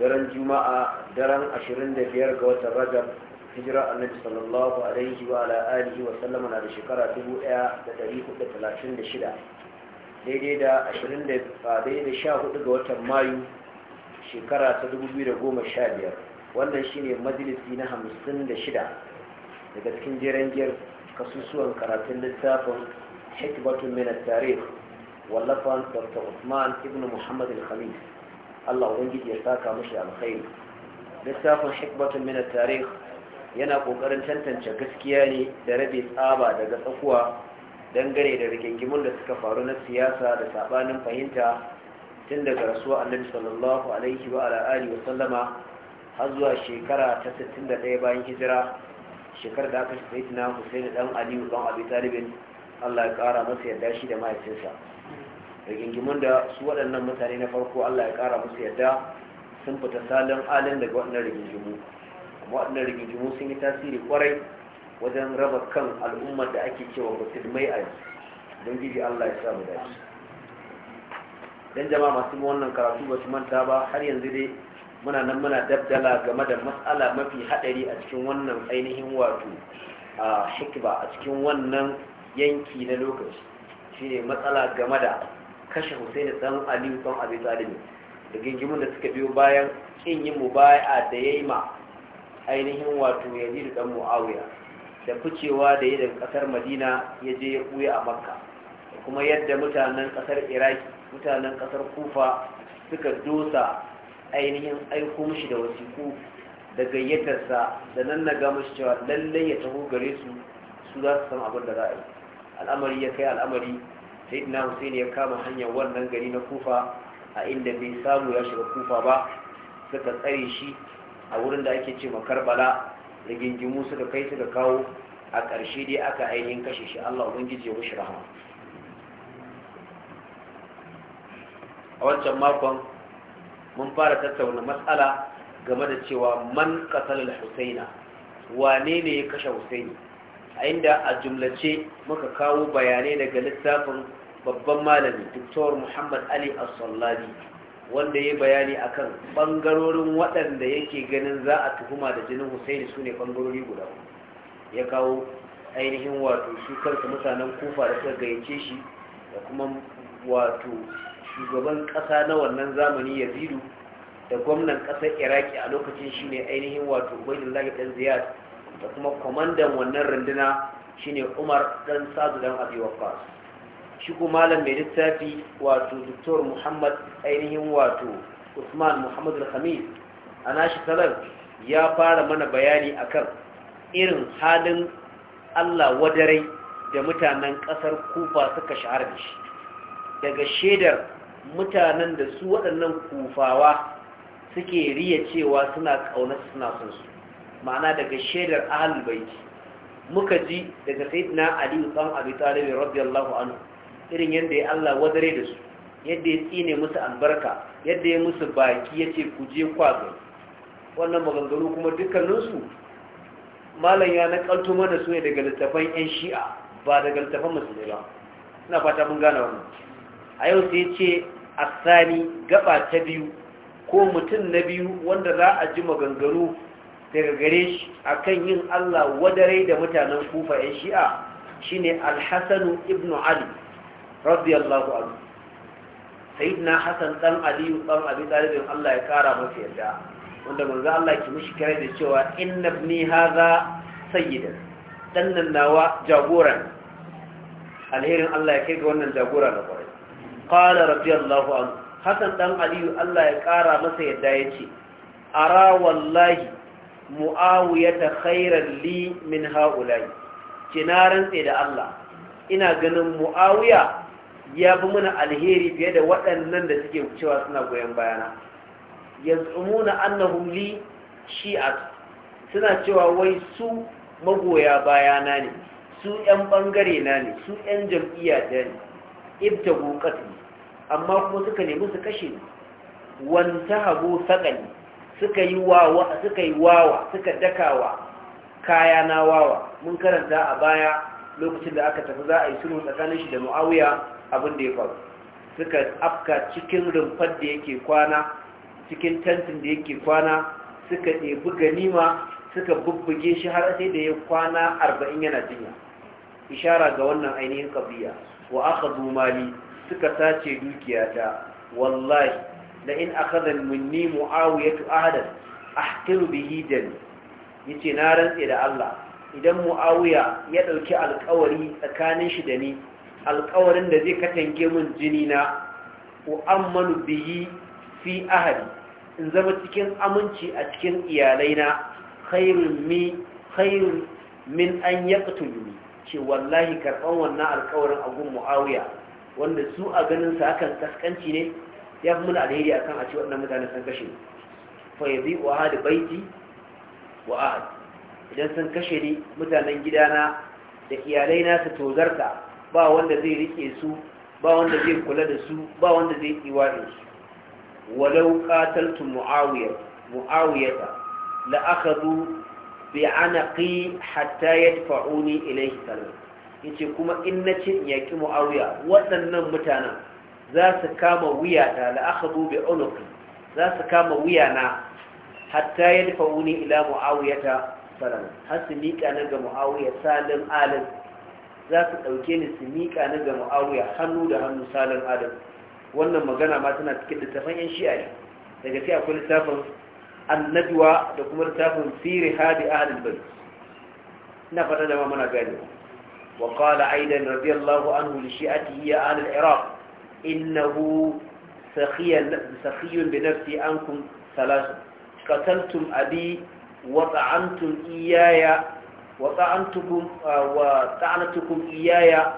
daren juma'a daren 25 ga watan rajab hijira annabi sallallahu alaihi wa ala alihi wa sallama na da shekara 1436 daidai da 24 ga watan mayu shekara ta 2015 wannan shine majalisi na 56 daga cikin jeren giyar kasusuwan karatun littafin hikmatun min at-tarikh wallafan dr. Usman ibn Muhammad al-Khamis Allah ubangiji ya saka mashi alkhairi littafin hikmatun min tarikh yana kokarin tantance gaskiya ne da rabe tsaba daga tsakuwa dangane da rigingimun da suka faru na siyasa da sabanin fahimta tun daga rasuwa annabi sallallahu alaihi wa wa sallama har zuwa shekara ta 61 bayan hijira shekar da aka shi sayyidina Hussein dan Aliyu dan Abi Talib Allah ya kara masa yarda shi da mahaifinsa rigingimun da su waɗannan mutane na farko Allah ya ƙara musu yadda sun fita salon alin daga waɗannan rigingimu kuma waɗannan rigingimu sun yi tasiri kwarai wajen raba kan al'ummar da ake cewa musulmai a don gidi Allah ya samu dace dan jama'a masu wannan karatu ba su manta ba har yanzu dai muna nan muna dabdala game da matsala mafi haɗari a cikin wannan ainihin wato a hikba a cikin wannan yanki na lokaci shine matsala game da kashe Hussein dan Aliyu dan Abi Talib da gingimin da suka biyo bayan kin yin mubai'a da yayi ma ainihin wato Yazid dan Muawiya da ficewa da ya daga kasar Madina ya je ya kuya a Makka kuma yadda mutanen kasar Iraki mutanen kasar Kufa suka dosa ainihin aiko mushi da wasiku da gayyatarsa da nan na gama shi cewa lallai ya taho gare su su za su san abin da za a yi al'amari ya kai al'amari sai ina hussein ya kama hanyar wannan gari na kufa a inda bai samu ya shiga kufa ba suka tsare shi a wurin da ake ce makarbala da gingimu suka kai suka kawo a ƙarshe dai aka ainihin kashe shi allah ubangiji ya wuce rahama a wancan makon mun fara tattauna matsala game da cewa man ƙasar husaina wane ne ya kashe husaini a inda a jumlace muka kawo bayanai daga littafin babban malami Dr. Muhammad Ali as wanda ya bayani akan bangarorin waɗanda yake ganin za a tuhuma da jinin Husaini sune bangarori guda ya kawo ainihin wato shi kansa mutanen kufa da suka gayyace shi da kuma wato shugaban ƙasa na wannan zamani Yazidu da gwamnan ƙasar Iraki a lokacin shi ne ainihin wato Ubaydullah dan Ziyad da kuma kwamandan wannan runduna shine Umar dan sadu don abuwa fasu shi ko malam mai littafi wato Dr. Muhammad ainihin wato Usman Muhammad al hamid a nashi talar ya fara mana bayani akan irin halin Allah wadarai da mutanen kasar Kufa suka shahara da shi daga shaidar mutanen da su waɗannan kufawa suke riya cewa suna ƙaunar suna son su ma'ana daga shaidar ahlul muka ji daga na Ali ibn Abi rabbi allahu anhu irin yadda ya Allah wadare da su yadda ya tsine musu albarka yadda ya musu baki ya ce ku je kwazo wannan maganganu kuma dukkaninsu malam ya nakalto mana su ne daga littafan 'yan shi'a ba daga littafan musulmi ba ina fata mun gane wannan a yau sai ce a sani gaba ta biyu ko mutum na biyu wanda za a ji maganganu daga gare shi a kan yin Allah wadarai da mutanen kufa 'yan shi'a shine alhassanu ibnu ali radiyallahu anhu sayyidina hasan dan aliyu dan abi talibin Allah ya kara masa yadda wanda manzo Allah ki mishi kare da cewa inna ibni hadha sayyidan dan nan nawa jagoran alherin Allah ya kai ga wannan jagora na kwarai qala radiyallahu anhu hasan dan aliyu Allah ya kara masa yadda yace ara wallahi mu'awiyata khairan li min haula'i kinaran tsaye da Allah ina ganin mu'awiya ya fi mana alheri fiye da waɗannan da suke cewa suna goyon bayana yaz'umuna annahum li shi'at suna cewa wai su magoya bayana ne su 'yan bangare na ne su 'yan jam'iyya ta ne ibtagu ne, amma kuma suka nemi su kashe ni wantahabu saqali suka yi wawa suka yi wawa suka dakawa kaya na wawa mun karanta a baya lokacin da aka tafi za a yi sulhu tsakanin shi da Muawiya abin da ya faru suka afka cikin rumfar da yake kwana cikin tantin da yake kwana suka ɗebi ganima suka bubbuge shi har sai da ya kwana arba'in yana jinya ishara ga wannan ainihin kabiya wa aka mali suka sace dukiyata wallahi da in aka zanmin ni mu'awiyatu ahadan ahkiru bihi na rantse da Allah idan mu'awiya ya ɗauki alkawari tsakanin shi da ni alkawarin da zai katange mun jini na u'ammanu bihi fi ahli in zama cikin aminci a cikin iyalaina khairun min an yaqtuluni ce wallahi karban wannan alkawarin agun muawiya wanda su a ganin sa hakan kaskanci ne ya fi mun alheri akan a ce wannan mutane san kashe fa yabi wa hadi baiti wa ahad idan sun kashe ni mutanen gidana da iyalaina su tozarta ba wanda zai rike su ba wanda zai kula da su ba wanda zai iwaye su walau qataltu muawiya muawiyata la akhadhu bi anaqi hatta yadfa'uni ilayhi salam yace kuma in nace in yaki muawiya waɗannan mutanen za su kama wuyata la akhadhu bi unuqi za su kama wuyana hatta yadfa'uni ila muawiyata salam har su miƙa na ga muawiya salim alim za su ɗauke ni su miƙa ni ga mu'awiya hannu da hannu salin adam wannan magana ma tana cikin littafin yan shi'a ne daga sai akwai littafin annaduwa da kuma littafin siri hadi ahlul bayt ina fata da ma muna gane wa kala aidan radiyallahu anhu li shi'atihi iya ahlul iraq innahu sakhiyan sakhiyun bi nafsi ankum thalath qataltum abi wa ta'antum iyaya wa وطعنتكم mata'i wa متاعي iyaya wa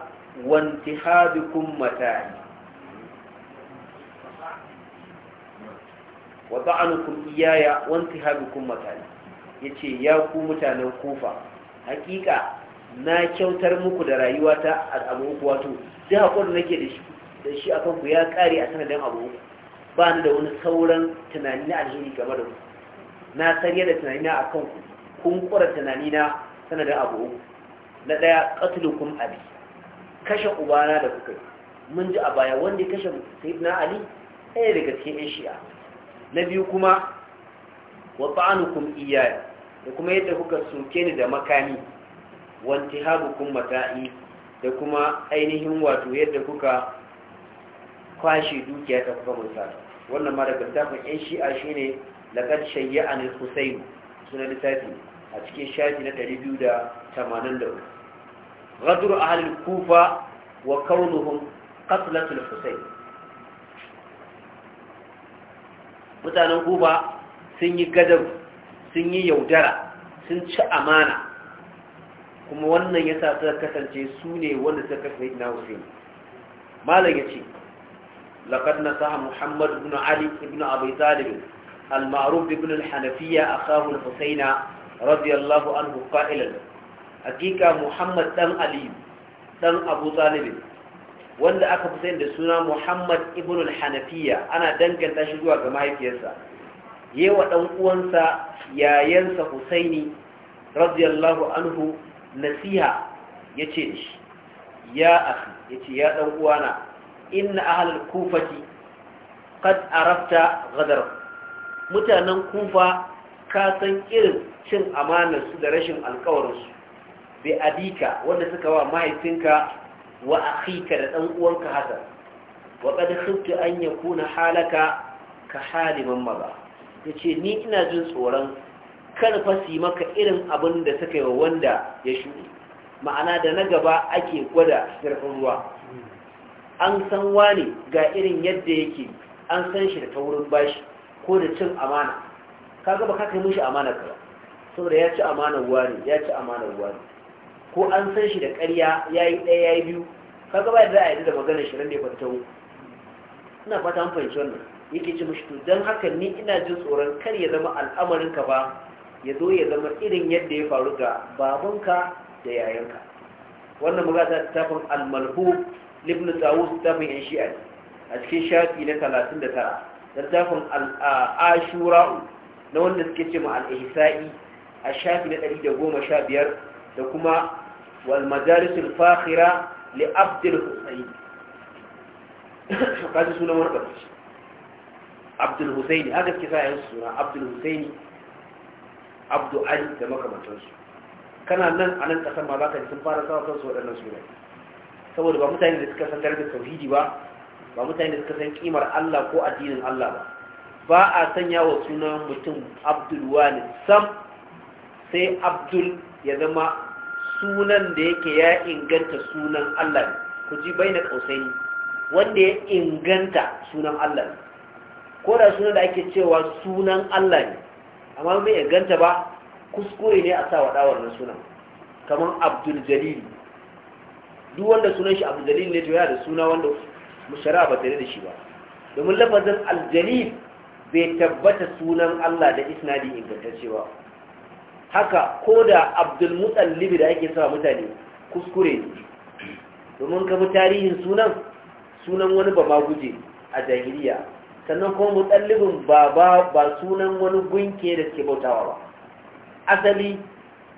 وانتخابكم mata'i yace ya ku mutanen kufa hakika na kyautar muku da rayuwata abu uku wato da hakuri nake da shi da shi akan ku ya kare a sanadin abu ba ni da wani sauran tunani na alheri game da ku na san da tunani na akan ku kun kura tunani na sanadin abu na daya qatlukum abi kashe ubana da kuka mun ji a baya wanda kashe sayyidina ali ɗaya daga cikin yan shi'a na biyu kuma wa ta'anukum iyaya da kuma yadda kuka soke ni da makami wa kun mata'i da kuma ainihin wato yadda kuka kwashe dukiya ta kuka mutar wannan ma daga tafin yan shi'a shi ne laqad shayya anil husayn sunan littafi a cikin shafi na 284 gadur ahalin kufa wa kaunuhun katsulatul husayn mutanen kufa sun yi gadar sun yi yaudara sun ci amana kuma wannan ya sata kasance su ne wanda suka kasance na husayn malar ya ce laƙar na muhammadu ibn ali ibn abu talibin al-ma'arufi ibn al a sahun husayna radiyallahu anhu fa'ilan hakika muhammad dan aliyu dan abu talib wanda aka fi sani da suna muhammad ibn al-hanafiya ana danganta shi zuwa ga mahaifiyarsa yewa dan uwansa yayansa husaini radiyallahu anhu nasiha yace da shi ya akhi yace ya dan uwana inna ahlul kufaki qad arafta ghadar mutanen kufa ka san irin cin amanarsu da rashin alkawarinsu bai adika wanda suka wa mahaifinka wa akhika da dan uwanka haka wa qad khiftu an yakuna halaka ka haliman maza yace ni ina jin tsoron kar fa su maka irin abin da suka yi wa wanda ya shuɗi. ma'ana da na gaba ake gwada sirfin ruwa an san wani ga irin yadda yake an san shi da taurin bashi ko da cin amana Ka gaba ka kai mushi amana ka ba saboda ya ci amanar wani ya ci amanar wani ko an san shi da ƙarya ya yi ɗaya ya yi biyu gaba ba za a yi da maganar shi ne fata wu ina fata an fahimci wannan yake ci mushi to don haka ni ina jin tsoron kar ya zama al'amarin ka ba ya zo ya zama irin yadda ya faru ga babanka da yayanka wannan magana ta tafin al-malhu ibn tawus tafin yan shi'a a cikin shafi na 39 da tafin al-ashura'u na wanda suke ce ma a shafi na 115 da kuma wal madarisul fakhira li abdul husayn kaji sunan wani ɓarfi abdul husaini haka suke sa yansu suna abdul husaini abdu da makamantansu kana nan a nan ƙasar ma za ka ji sun fara sawa kansu waɗannan sunan? saboda ba mutane da suka san darajar tauhidi ba ba mutane da suka san kimar allah ko addinin allah ba ba a sanya wa sunan mutum abdul walid sam sai abdul ya zama sunan da yake ya inganta sunan allah ne ku ji bai na ƙausai wanda ya inganta sunan allah ne ko da sunan da ake cewa sunan allah ne amma ya inganta ba kuskure ne a sa wa na sunan kamar abdul jalili duk wanda sunan shi abdul jalil ne to yana da suna wanda mushara ba tare da shi ba domin lafazin aljalil bai tabbata sunan Allah da isnadi ingantacce ba haka ko da abdul mutsallibi da ake sa mutane kuskure domin ka tarihin sunan sunan wani ba maguje a jahiliya sannan kuma mutsallibin ba ba sunan wani gunke da ke bautawa ba asali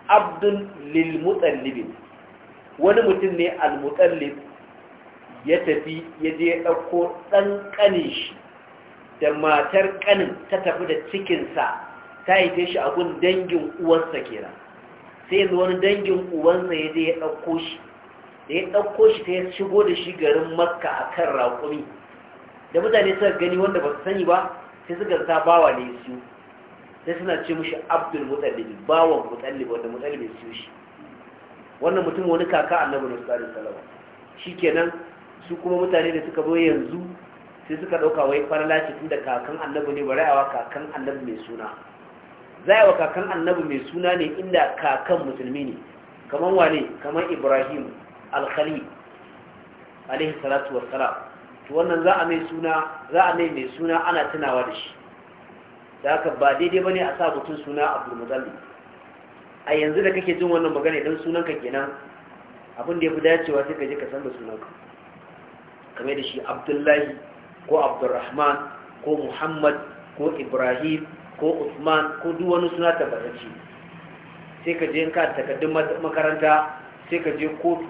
abdul lil wani mutum ne al ya tafi ya je ya ɗauko ɗan ƙane shi da matar kanin ta tafi da cikinsa ta haife shi a gun dangin uwarsa kenan sai yanzu wani dangin uwansa ya je ya ɗauko shi da ya ɗauko shi ta ya shigo da shi garin makka a kan raƙumi da mutane suka gani wanda ba su sani ba sai suka sa bawa ne su sai suna ce mushi abdul mutallib bawan mutallib wanda ya siyo shi wannan mutum wani kaka annabi na sallallahu alaihi wasallam shikenan su kuma mutane da suka zo yanzu sai suka ɗauka wai farla ce tun da kakan annabi ne bari awa kakan annabi mai suna za a wa kakan annabi mai suna ne inda kakan musulmi ne kamar wane kamar ibrahim alkhali alaihi salatu wassalam to wannan za a mai suna za a mai mai suna ana tunawa da shi da haka ba daidai bane a sa mutum suna muzalli a yanzu da kake jin wannan magana idan sunanka kenan abin da ya fi dacewa sai ka je ka san da sunanka kamar da shi abdullahi ko abdurrahman ko muhammad ko ibrahim ko usman ko duk wani suna tabbatacce sai ka je ka takaddun makaranta sai ka je kotu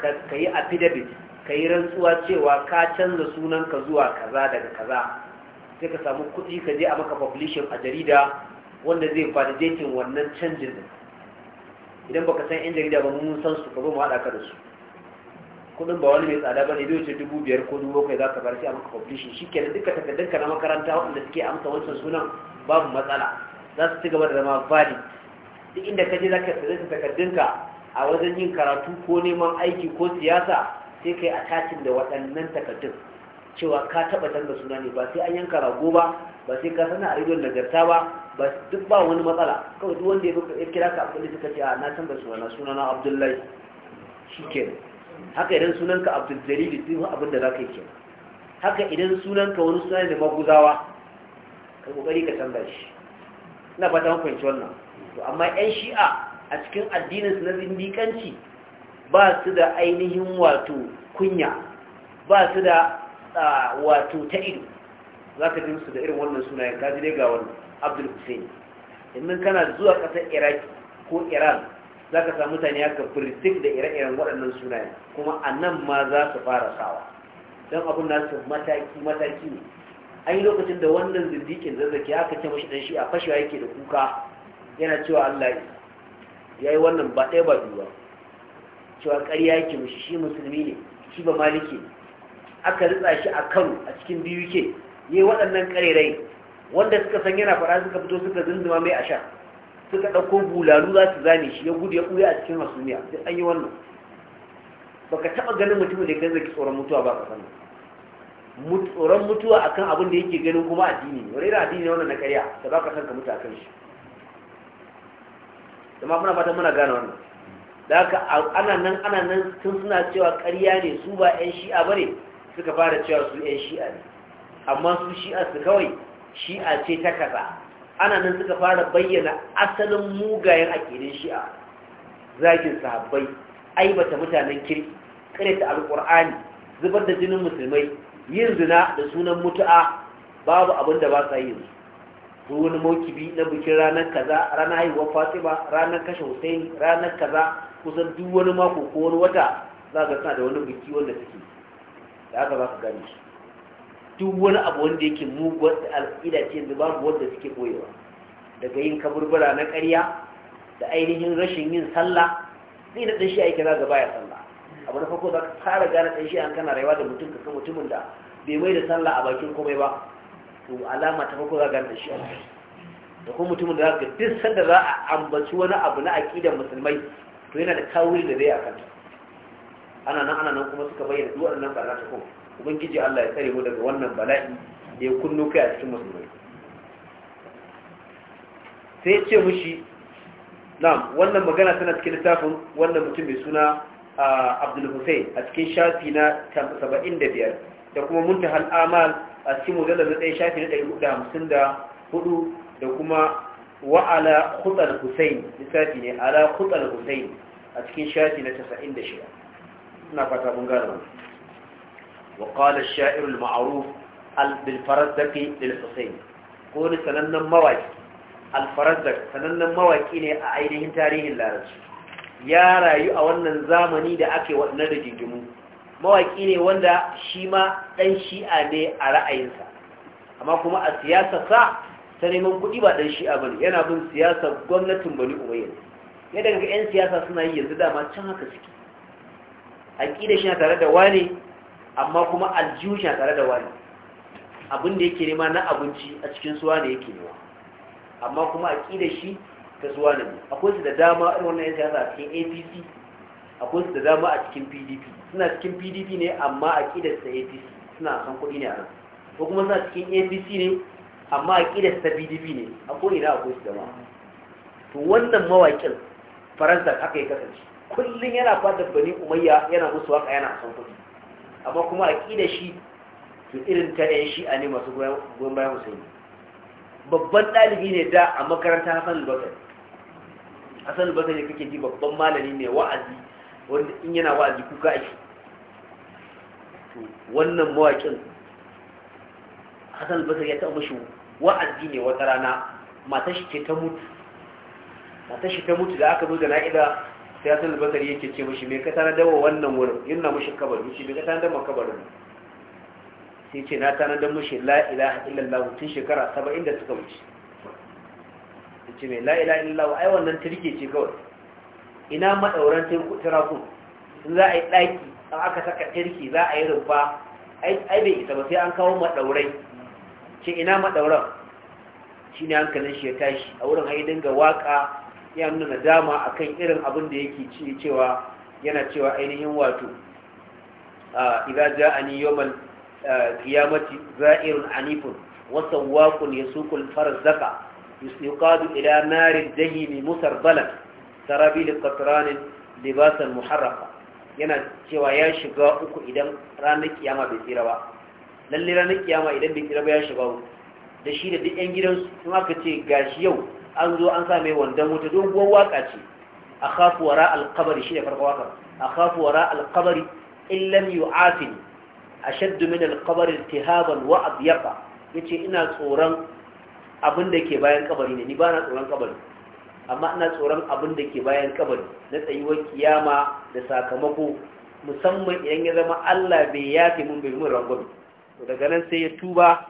ka yi affidavit ka yi rantsuwa cewa ka canza sunan ka zuwa kaza daga kaza sai ka samu kudi ka je a maka fablishin a jarida wanda zai validating wannan canjin idan baka san yan jarida ba mun san su ka zo mu hada ka da su kudin ba wani mai tsada ba ne zai wuce dubu biyar ko dubu bakwai za ka bar shi a maka publishing shi kenan duka takardunka na makaranta waɗanda suke amsa wancan sunan babu matsala za su ci gaba da zama valid duk inda ka je za ka tsaye takardunka a wajen yin karatu ko neman aiki ko siyasa sai ka yi attachin da waɗannan takardun cewa ka taɓa canza suna ne ba sai an yanka rago ba ba sai ka sana a rediyon nagarta ba ba duk ba wani matsala kawai duk wanda ya kira ka a da suka ce a na canza suna na suna na abdullahi shi kenan haka idan sunanka abdul jalil din abin da za ka yi haka idan sunanka wani suna da maguzawa ka kokari ka canza shi ina fata mun fahimci wannan to amma yan shi'a a cikin addinin su na zindikanci ba su da ainihin wato kunya ba su da wato ta ido za ka ji su da irin wannan sunayen kaji dai ga wannan abdul hussein in kana zuwa ƙasar iraki ko iran Zaka ka samu mutane aka firtik da ire-iren waɗannan sunaye kuma a nan ma za su fara sawa don abin su mataki-mataki ne an yi lokacin da wannan zindikin zazzaki aka ce mashi ɗan shi a fashewa yake da kuka yana cewa allah ya yi wannan ba ɗaya ba biyu ba cewa ƙarya yake mashi shi musulmi ne shi ba maliki aka ritsa shi a kano a cikin biyu ke yi waɗannan ƙarerai wanda suka san yana fara suka fito suka zunduma mai a sha suka ɗauko bulalu za su zane shi ya gudu ya ɓuya a cikin hasumiya sai an yi wannan baka taɓa ganin mutumin da kan zaki tsoron mutuwa ba ka sani tsoron mutuwa akan abin da yake ganin kuma addini ne wani addini ne wannan na karya da ba ka san ka mutu akan shi amma muna fata muna gane wannan da haka ana nan ana nan tun suna cewa karya ne su ba 'yan shi'a ba ne suka fara cewa su 'yan shi'a ne amma su shi'a su kawai shi'a ce ta kasa ana nan suka fara bayyana asalin mugayen aƙidin shi'a zagin sahabbai aibata mutanen kirki karyata alƙur'ani zubar da jinin musulmai yin zina da sunan mutu'a babu abin da ba sa yin su wani mokibi na bikin ranar kaza ranar haihuwar fatima ranar kashe husaini ranar kaza kusan duk wani mako ko wani wata za ga suna da wani biki wanda suke da aka za su gane shi duk wani abu wanda yake muguwar da al'ida ce da babu wanda suke koyewa daga yin kaburbura na ƙarya da ainihin rashin yin sallah zai na ɗanshi aiki za ga baya sallah abu na farko za ka fara gane ɗanshi an kana rayuwa da mutum kakan mutumin da bai mai da sallah a bakin komai ba to alama ta farko za ka gane ɗanshi an da kuma mutumin da za ka duk sanda za a ambaci wani abu na aƙidan musulmai to yana da kawuri da zai a kanta ana nan ana nan kuma suka bayyana duk waɗannan ɓarna ta kuma ubangiji Allah ya tsare mu daga wannan bala'i ya kunno kai a cikin musulmai sai ya ce mushi na wannan magana tana cikin littafin wannan mutum mai suna Abdul Hussein a cikin shafi na 75 da kuma muntahal al'amal a cikin mujallar na ɗaya shafi na 154 da kuma wa'ala khutal Hussein littafi ne ala khutal Hussein a cikin shafi na 96 ina fata mun gane wannan وقال الشاعر المعروف بالفرزدق للحسين قول سنن مواكي الفرزدق سنن مواكي ne a ainihin tarihin larabci ya rayu a wannan zamani da ake wannan rigingimu mawaki ne wanda shi ma dan shi'a ne a ra'ayinsa amma kuma a siyasa sa ta neman kuɗi ba dan shi'a bane yana bin siyasar gwamnatin Bani Umayya ya danga 'yan siyasa suna yi yanzu dama can haka suke aƙida shi na tare da wani. amma kuma aljihun a tare da wani abin da yake nema na abinci a cikin suwa ne yake nema amma kuma a ƙi da shi ta suwa ne akwai su da dama a wannan yan a cikin apc akwai su da dama a cikin pdp suna cikin pdp ne amma a ƙi da su apc suna san kuɗi ne a nan ko kuma suna cikin apc ne amma a ƙi da su pdp ne akwai ina akwai su dama to wannan mawakin faransa haka ya kasance kullum yana fadar bani umayya yana musu waka yana san kuɗi amma kuma a ƙi da shi su irin ta ɗaya shi a ne masu goyon bayan Husaini babban ɗalibi ne da a makaranta Hassan al Hassan al ne kake ji babban malami ne wa'azi wanda in yana wa'azi kuka ake to wannan mawaƙin Hassan al ya taɓa mashi wa'azi ne wata rana matashi shi ta mutu matashi ta mutu da aka zo da na'ida sai asali albasari yake ce mashi mai ka tanadar dawa wannan wurin yana mashi kabarin shi me ka dama ma kabarin sai ce na dama mashi Laila ilaha illallah tun shekara saba'in da suka wuce da ce mai la ilaha illallah ai wannan turke ce kawai ina maɗauran tirakun in za a yi ɗaki in aka saka turke za a yi rumfa ai bai isa ba sai an kawo maɗaurai ce ina maɗauran shi ne hankalin shi ya tashi a wurin haidin ga waƙa ya nuna nadama akan irin abin da yake ci cewa yana cewa ainihin wato a ah, idza ja'ani yawmal ah, qiyamati za'irun anifun wa sawwaqun yasuqu al-farzaka yusqadu ila mai musar balan sarabi da katranin libasan muharrafa yana cewa ya shiga uku idan ranar kiyama bai tsira ba lalle ranar kiyama idan bai tsira ba ya shiga uku da shi da duk yan gidansu kuma aka ce gashi yau an zo an sa wanda mutu wuta doguwar waka ce a khafu wara alkabari shi ne farko waka a khafu wara alkabari in lam a shaddu min alkabari tihaban wa ya ce ina tsoron abin da ke bayan kabari ne ni ba na tsoron kabari amma ina tsoron abin da ke bayan kabari na tsayuwar kiyama da sakamako musamman idan ya zama Allah bai yafe mun bai mun rangon daga nan sai ya tuba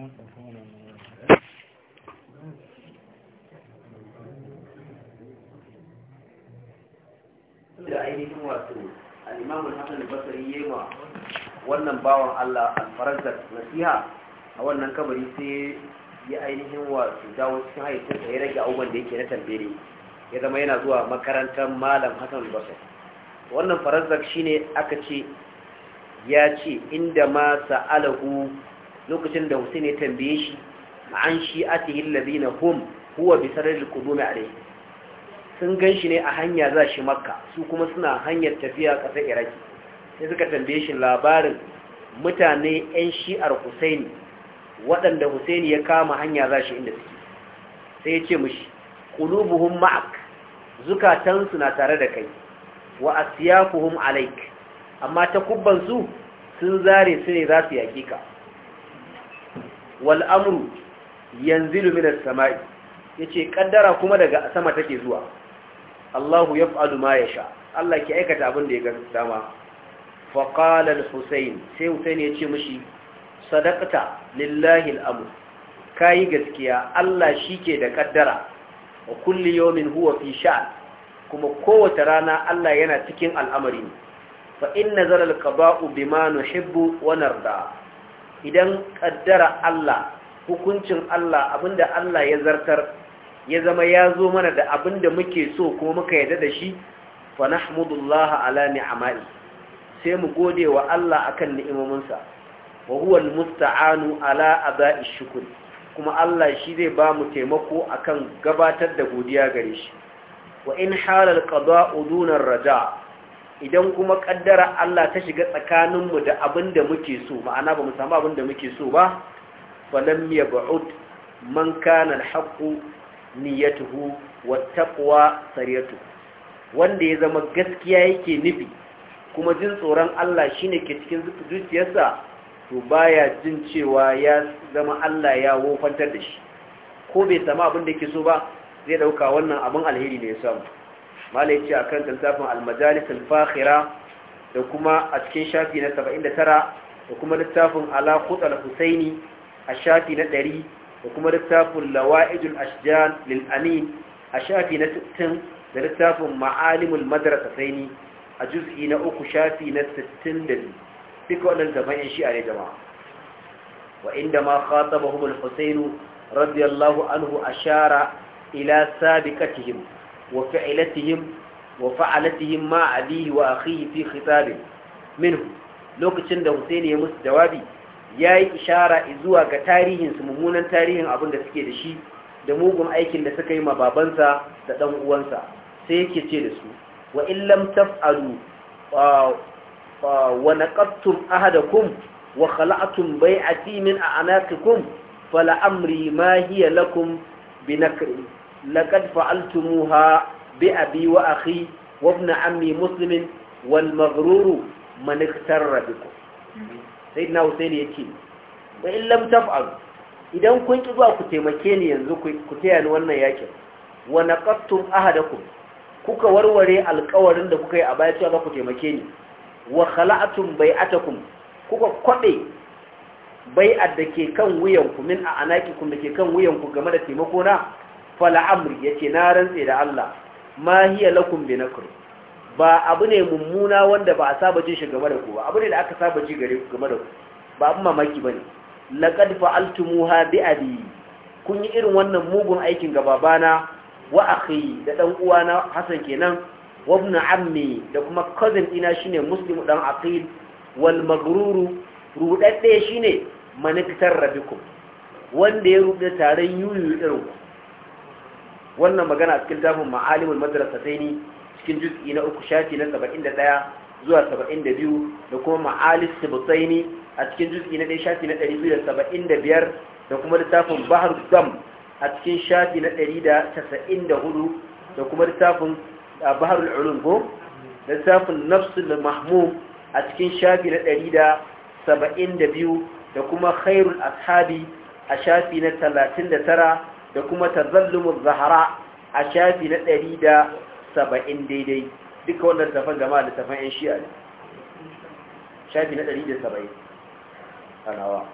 da ainihin wato hassan wannan bawan allah alfaransa nasiha a wannan kabari sai ya ainihin wasu dawo cikin da ya rage abubuwan da yake na tambere ya zama yana zuwa makarantar malam hassan basari wannan faransa shine aka ce ya ce inda ma sa'alahu lokacin da Hussein ya tambaye shi an shi'atihi alladhina hum huwa bi sarril qudumi alayhi sun gan ne a hanya za shi makka su kuma suna hanyar tafiya ƙasar iraki sai suka tambaye shi labarin mutane 'yan shi'ar husaini waɗanda husaini ya kama hanya za shi inda suke sai ya ce mushi ƙulubuhun ma'ak zukatansu na tare da kai wa asiyakuhum alaik amma ta su sun zare su ne za su yaƙi ka wal amru yanzilu minas sama'i yace ƙaddara kuma daga sama take zuwa Allahu yaf'alu ma yasha Allah ke aikata abin da ya ga dama fa qala al-Husayn sai Husayn yace mishi lillahi al Ka kai gaskiya Allah shi ke da ƙaddara, wa kulli yawmin huwa fi sha'n kuma kowace rana Allah yana cikin al'amari fa in nazala al-qada'u bima nuhibbu wa narda idan kaddara Allah hukuncin Allah abinda Allah ya zartar ya zama ya zo mana da abinda muke so kuma muka yarda da shi fa nahmudullaha ala ni'amati sai mu gode wa Allah akan ni'imominsa wa huwa almusta'anu ala ada'i shukr kuma Allah shi zai ba mu taimako akan gabatar da godiya gare shi wa in halal qada'u duna raja' idan kuma kaddara Allah ta shiga tsakaninmu da abin da muke so ma'ana ba mu samu abin da muke so ba falam ba'ud man kana al niyyatuhu wattaqwa sariyatu wanda ya zama gaskiya yake nufi kuma jin tsoron Allah shine ke cikin zuciyarsa to baya jin cewa ya zama Allah ya wofantar da shi ko bai samu abin da yake so ba zai dauka wannan abin alheri ne ya samu mala ya ce a kan littafin almajalis alfakhira da kuma a cikin shafi na 79 da kuma littafin ala khutal husaini a shafi na 100 da kuma littafin lawa'ijul ashjan lil a shafi na 60 da littafin ma'alimul madrasaini a juz'i na uku shafi na 62 duka waɗanda gaban yan shi'a ne jama'a wa inda ma khatabahum al radiyallahu anhu ashara ila sabiqatihim وفعلتهم وفعلتهم مع أبيه وأخيه في خطاب منه lokacin da Hussein ya musu jawabi ya yi ishara zuwa ga tarihinsu mummunan tarihin abun da suke da shi da mugun aikin da suka yi ma babansa da ɗan uwansa sai yake ce da su wa illam taf'alu wa naqattum ahadakum wa khala'tum bai'ati min a'naqikum fala amri ma hiya lakum binakri لقد فعلتموها بأبي وأخي وابن عمي مسلم والمغرور من اغتر بكم سيدنا حسين يتي وإن لم تفعلوا idan kun ki zuwa ku taimake ni yanzu ku taya ni wannan yakin wa naqattum ahadakum kuka warware alƙawarin da kuka yi a baya cewa za ku taimake ni wa khala'atum bai'atakum kuka kwabe bai'ar da ke kan wuyanku min a anakikum da ke kan wuyanku game da taimako na fal'amri yace na rantse da Allah ma hiya lakum binakr ba abu ne mummuna wanda ba a saba jin shi game da ku ba abu ne da aka saba ji gare ku game da ku ba abun mamaki bane laqad ha bi abi kun yi irin wannan mugun aikin ga babana wa akhi da dan uwana Hassan kenan wa ibn ammi da kuma cousin ina shine muslimu dan aqil wal magruru rudadde shine maniftar rabikum wanda ya rubuta taron yuyu irin ku wannan magana a cikin tafin ma'alimul madrasataini cikin juz'i na uku shafi na 71 zuwa 72 da kuma ma'alis sibtaini a cikin juz'i na ɗaya shafi na 275 da kuma littafin bahar Gam a cikin shafi na 194 da kuma littafin Bahar ulum ko da littafin nafsul mahmum a cikin shafi na 172 da kuma khairul ashabi a shafi na 39 da kuma tazallumuz zahara a shafi na 170 daidai duka wannan tafan gama da tafan yan shi'a ne shafi na 170 anawa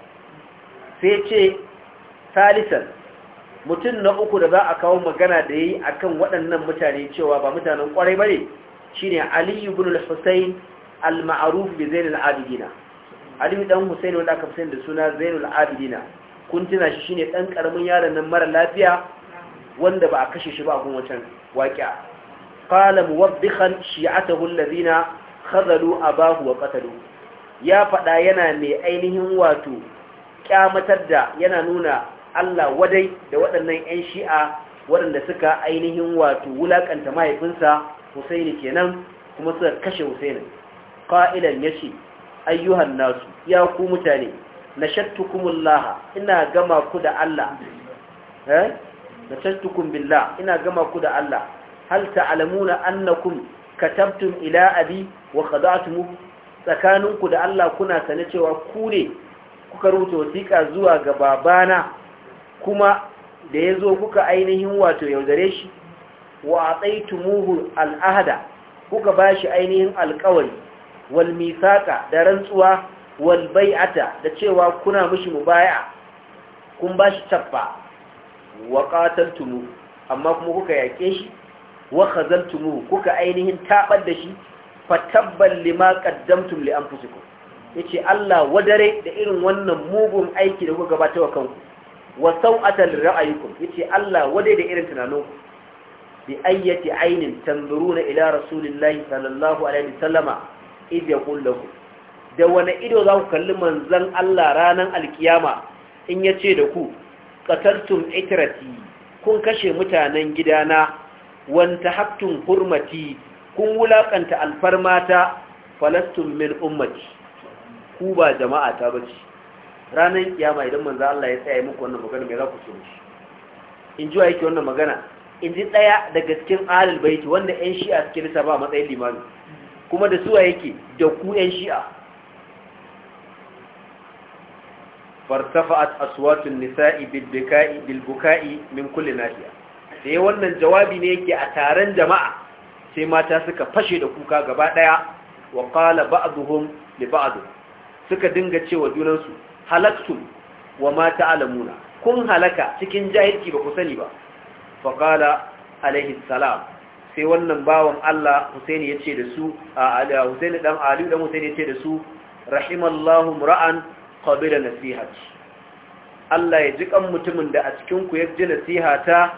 sai ce salisan mutum na uku da za a kawo magana da yayi akan waɗannan mutane cewa ba mutanen kwarai bane shine Ali ibn al-Husayn al-ma'ruf bi Zainul Abidin Ali dan Husayn wanda aka fi da suna Zainul Abidin kun tuna shi shine dan karamin yaron nan mara lafiya wanda ba a kashe shi ba a wancan waƙiya qala muwaddihan shi'atahu alladhina khadalu abahu wa qatalu ya fada yana mai ainihin wato kyamatar da yana nuna Allah wadai da waɗannan 'yan shi'a waɗanda suka ainihin wato wulakanta mahaifinsa Husaini kenan kuma suka kashe Husaini qa'ilan yace ayyuhan nasu ya ku mutane nashattukumullah ina gama ku da Allah eh? billah ina gama ku da Allah hal ta'lamuna annakum katabtum ila abi wa khada'tumuhu tsakaninku da Allah kuna sane cewa ku ne kuka rubuta wasiƙa zuwa ga babana kuma da ya zo kuka ainihin wato yaudare shi wa atsaitumuhu al'ahada kuka bashi ainihin alƙawari wal saƙa, da rantsuwa walbai'ata da cewa kuna mishi mubaya kun bashi tabba wa qataltumu amma kuma kuka yake shi wa khazaltumu kuka ainihin tabar da shi fatabban lima qaddamtum li anfusikum yace Allah wadare da irin wannan mugun aiki da kuka gabata wa kanku wa sau'atal ra'ayikum yace Allah wadai da irin tunaninku bi ayyati ainin tanzuruna ila rasulillahi sallallahu alaihi wasallama idh yaqul lakum da wani ido za ku kalli manzan Allah ranar alkiyama in ya ce da ku Ƙasartun itirati kun kashe mutanen gidana wanta haktun hurmati kun wulaƙanta alfarmata falastun min ummati ku ba jama'a ta bace ranar kiyama idan manzan Allah ya tsaye muku wannan magana mai za ku so shi in ji wa yake wannan magana in ji ɗaya daga cikin alil baiti wanda 'yan shi'a suke nisa ba matsayin limami kuma da suwa yake da ku 'yan shi'a fartafa'at aswatun nisa'i bilbuka'i min kulli nahiya sai wannan jawabi ne yake a taron jama'a sai mata suka fashe da kuka gaba daya wa qala ba'dhum li ba'd suka dinga cewa junan su halaktum wa ma ta'lamuna kun halaka cikin jahilci ba ku sani ba fa qala salam sai wannan bawan Allah Husaini yace da su a Husaini dan Ali dan Husaini yace da su rahimallahu mura'an qabila nasihati Allah ya ji kan mutumin da a cikin ku ya ji nasihata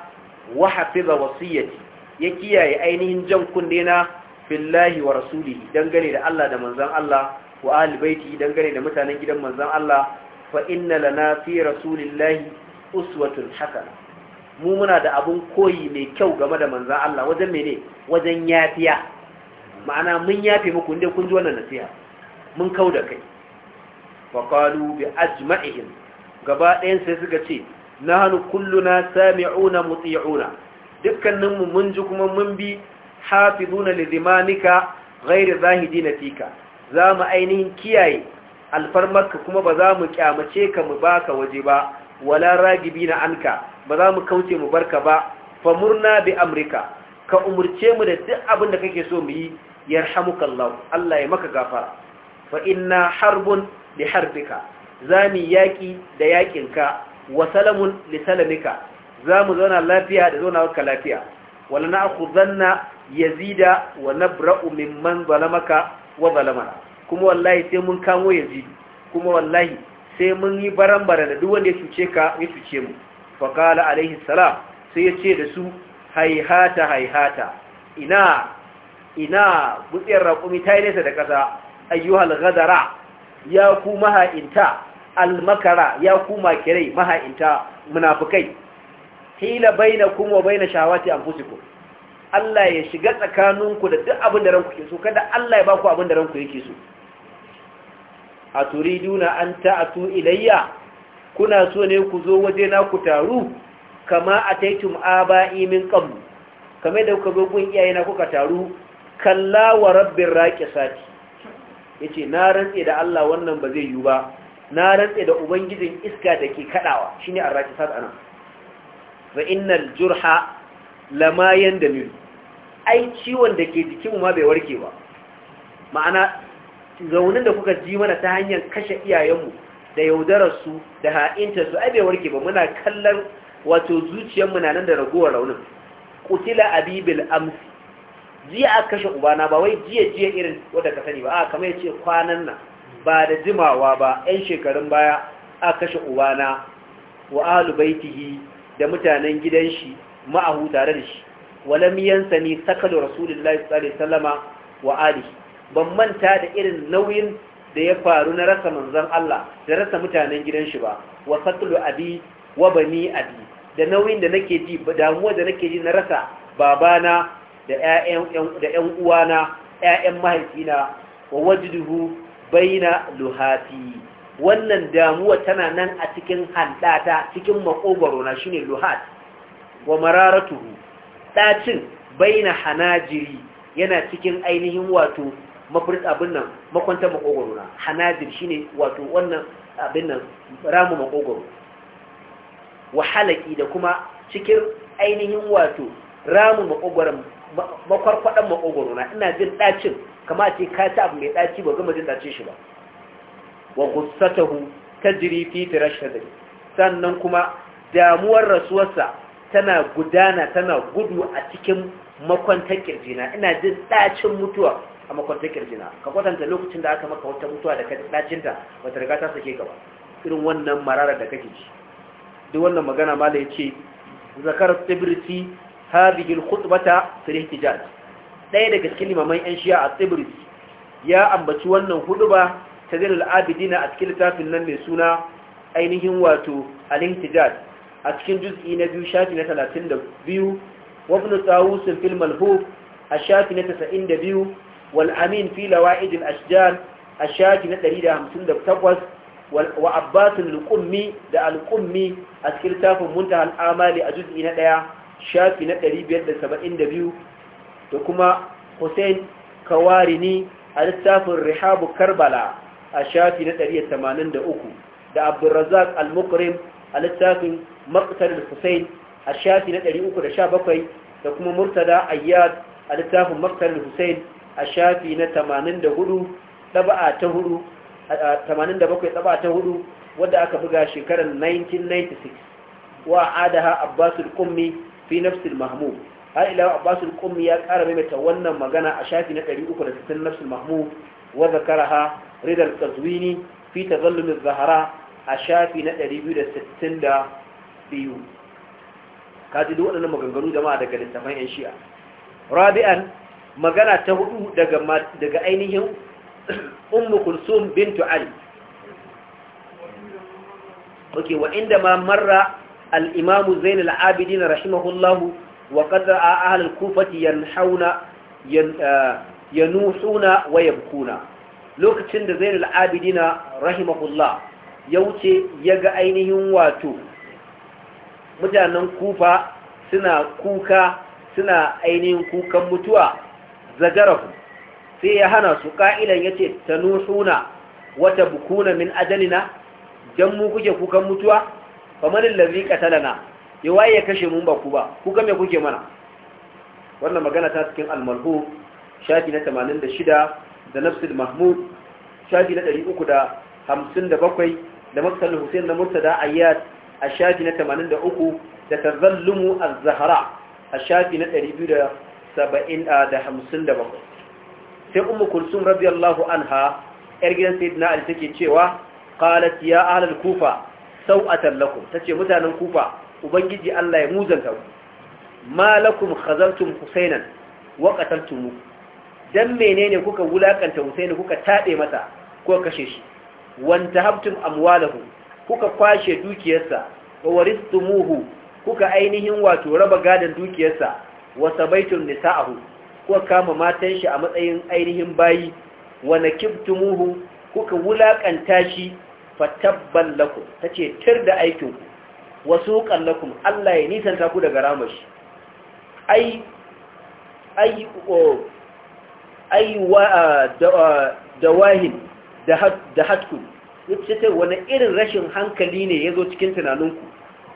wa hafiza wasiyati ya kiyaye ainihin jan kunne na fillahi wa rasulihi dangane da Allah da manzon Allah wa ahli baiti dangane da mutanen gidan manzon Allah fa inna lana fi rasulillahi uswatun hasana mu muna da abun koyi mai kyau game da manzon Allah wajen mene wajen yafiya ma'ana mun yafe muku inda kun ji wannan nasiha mun kau da kai faƙalu bi ajma'ihim gaba ɗayan sai suka ce na hannu kulluna sami'una mutsi'una dukkaninmu mun ji kuma mun bi hafizuna lizimanika ghairi zahidi na fika za mu ainihin kiyaye alfarmarka kuma ba za mu kyamace ka mu baka waje ba wala ragibi na anka ba za mu kauce mu barka ba fa murna bi amrika ka umurce mu da duk abin da kake so mu yi yarhamukallahu Allah ya maka gafara fa inna harbun li harbika zamu yaki da ka. wa salamun li salamika zamu zauna lafiya da zauna ka lafiya wala na'khudanna yazida wa nabra'u mimman zalamaka wa zalamana kuma wallahi sai mun kamo yazidi kuma wallahi sai mun yi barambara da duk wanda ya cuce ka ya cuce mu fa qala alaihi salam sai ya ce da su haihata haihata ina ina butsiyar raƙumi ta yi nesa da ƙasa ayyuhal gadara ya ku maha'inta almakara ya ku makirai maha'inta munafukai hila baina wa baina shahawati anfusikum Allah ya shiga tsakaninku da duk abin da ranku ke so kada Allah ya baku abin da ranku yake so a turiduna an ta'atu ilayya kuna so ne ku zo waje na ku taru kama ataitum aba'i min qabl kamar da kuka zo gun iyayena kuka taru kalla wa rabbir sati. Ya ce na rantse da Allah wannan ba zai yiwu ba na rantse da ubangijin iska da ke kadawa shine ar-rakisat anan fa innal jurha lama da ai ciwon da ke jikin ma bai warke ba ma'ana zaunin da kuka ji mana ta hanyar kashe iyayenmu da yaudararsu da ha'intarsu ai bai warke ba muna kallon wato zuciyarmu na nan da ragowar raunin kutila abibil amsi jiya aka kashe ubana ba wai jiya jiya irin wadda ka sani ba a kamar yace kwanan nan ba da jimawa ba yan shekarun baya aka kashe ubana wa ahlu baitihi da mutanen gidan shi a tare da shi walam yansani sakal rasulullahi sallallahu alaihi wasallama wa alihi ban manta da irin nauyin da ya faru na rasa manzon Allah da rasa mutanen gidan shi ba wa satlu abi wa bani abi da nauyin da nake ji damuwa da nake ji na rasa babana da ‘yan uwana, ‘ya'yan mahaifina, wa wajiduhu baina luhati. Wannan damuwa tana nan a cikin handata cikin makogwaro na shine luhat, wa mararatuhu, ɗacin baina hanajiri yana cikin ainihin wato mafirin abin nan makwanta makogwaro na, hanajir shine wato wannan abin nan ramu makogwaro. Wa halaki da kuma cikin ainihin wato ramu makogwaron makwarfaɗan makogoro na ina jin ɗacin kama ce ka ci abu mai ɗaci ba gama jin ɗacin shi ba wa gussatahu ta jiri fi firashadari sannan kuma damuwar rasuwarsa tana gudana tana gudu a cikin makwantar kirjina ina jin ɗacin mutuwa a makwantar kirjina ka kwatanta lokacin da aka maka wata mutuwa da ka ɗacinta ta riga ta sake gaba irin wannan mararar da kake ji duk wannan magana ma da ya ce zakar tibirti hadhihi al-khutbata fil ihtijaj daya daga cikin limaman yan shi'a a tsibiris ya ambaci wannan huduba ta Zainul Abidina a cikin littafin nan mai suna ainihin wato al-ihtijaj a cikin juz'i na biyu shafi na 32 wa ibn Tawus fil Malhuf a shafi na 92 wal Amin fi Lawaid al-Ashjar a shafi na 158 wa abbasin alƙummi da alƙummi a cikin littafin muntahal amali a juz'i na ɗaya shafi na 572 da kuma hussein kawarini a littafin rihabu karbala a shafi na 183 da abdulrazak al-mukrim a littafin maktar hussein a shafi na 317 da kuma murtada ayyad a littafin maktar hussein a shafi na 84 ɗaba'a ta hudu 87 ɗaba'a ta hudu wadda aka buga shekarar 1996 wa adaha abbasul kummi fi nafsil mahmud har ila abbas al-qummi ya ƙara maimaita wannan magana a shafi na 360 nafsil mahmud wa zakaraha rida al-qazwini fi tazallum az Zahra, a shafi na 262 kaji duk waɗannan maganganu jama'a daga littafan ƴan shi'a rabi'an magana ta hudu daga daga ainihin ummu kulsum bintu ali okay wa inda ma marra al'imamu zain al'abidin rahimahullahu wa ƙadar a ahalar kufati yanuhuna wa yabkuna lokacin da zain al'abidin rahimahullah ya wuce ya ainihin wato mutanen kufa suna kuka suna ainihin kukan mutuwa zagarafu sai ya hana su ƙa'ilan ya ce ta nusuna wata bukuna min ajalina don mu kuke kukan mutuwa kamar lazi qatalana ya waye ya kashe mun ba ku ba ku game kuke mana wannan magana ta cikin al-malhu shafi na 86 da nafsul mahmud shafi na 357 da maksal husain na murtada ayyad a shafi na 83 da tazallumu az-zahra a shafi na 257 ah, sai ummu kulsum radiyallahu anha yar gidan sayyidina ali take cewa qalat ya ahlal kufa Sau sau'atan lakum tace mutanen kufa ubangiji Allah ya muzanta ku ma lakum husainan wa qataltum dan menene kuka wulakanta husaini kuka tade masa ko kashe shi wanta habtum amwalahu kuka kwashe dukiyarsa wa waristumuhu kuka ainihin wato raba gadon dukiyarsa wa sabaitun nisa'ahu kuka kama matan shi a matsayin ainihin bayi wa nakibtumuhu kuka wulakanta shi fatabban lakum ta ce tir da aikinku wasu lakum Allah ya nisanta ku daga ramashi ai ai da wahin da hatku ta wani irin rashin hankali ne ya zo cikin tunaninku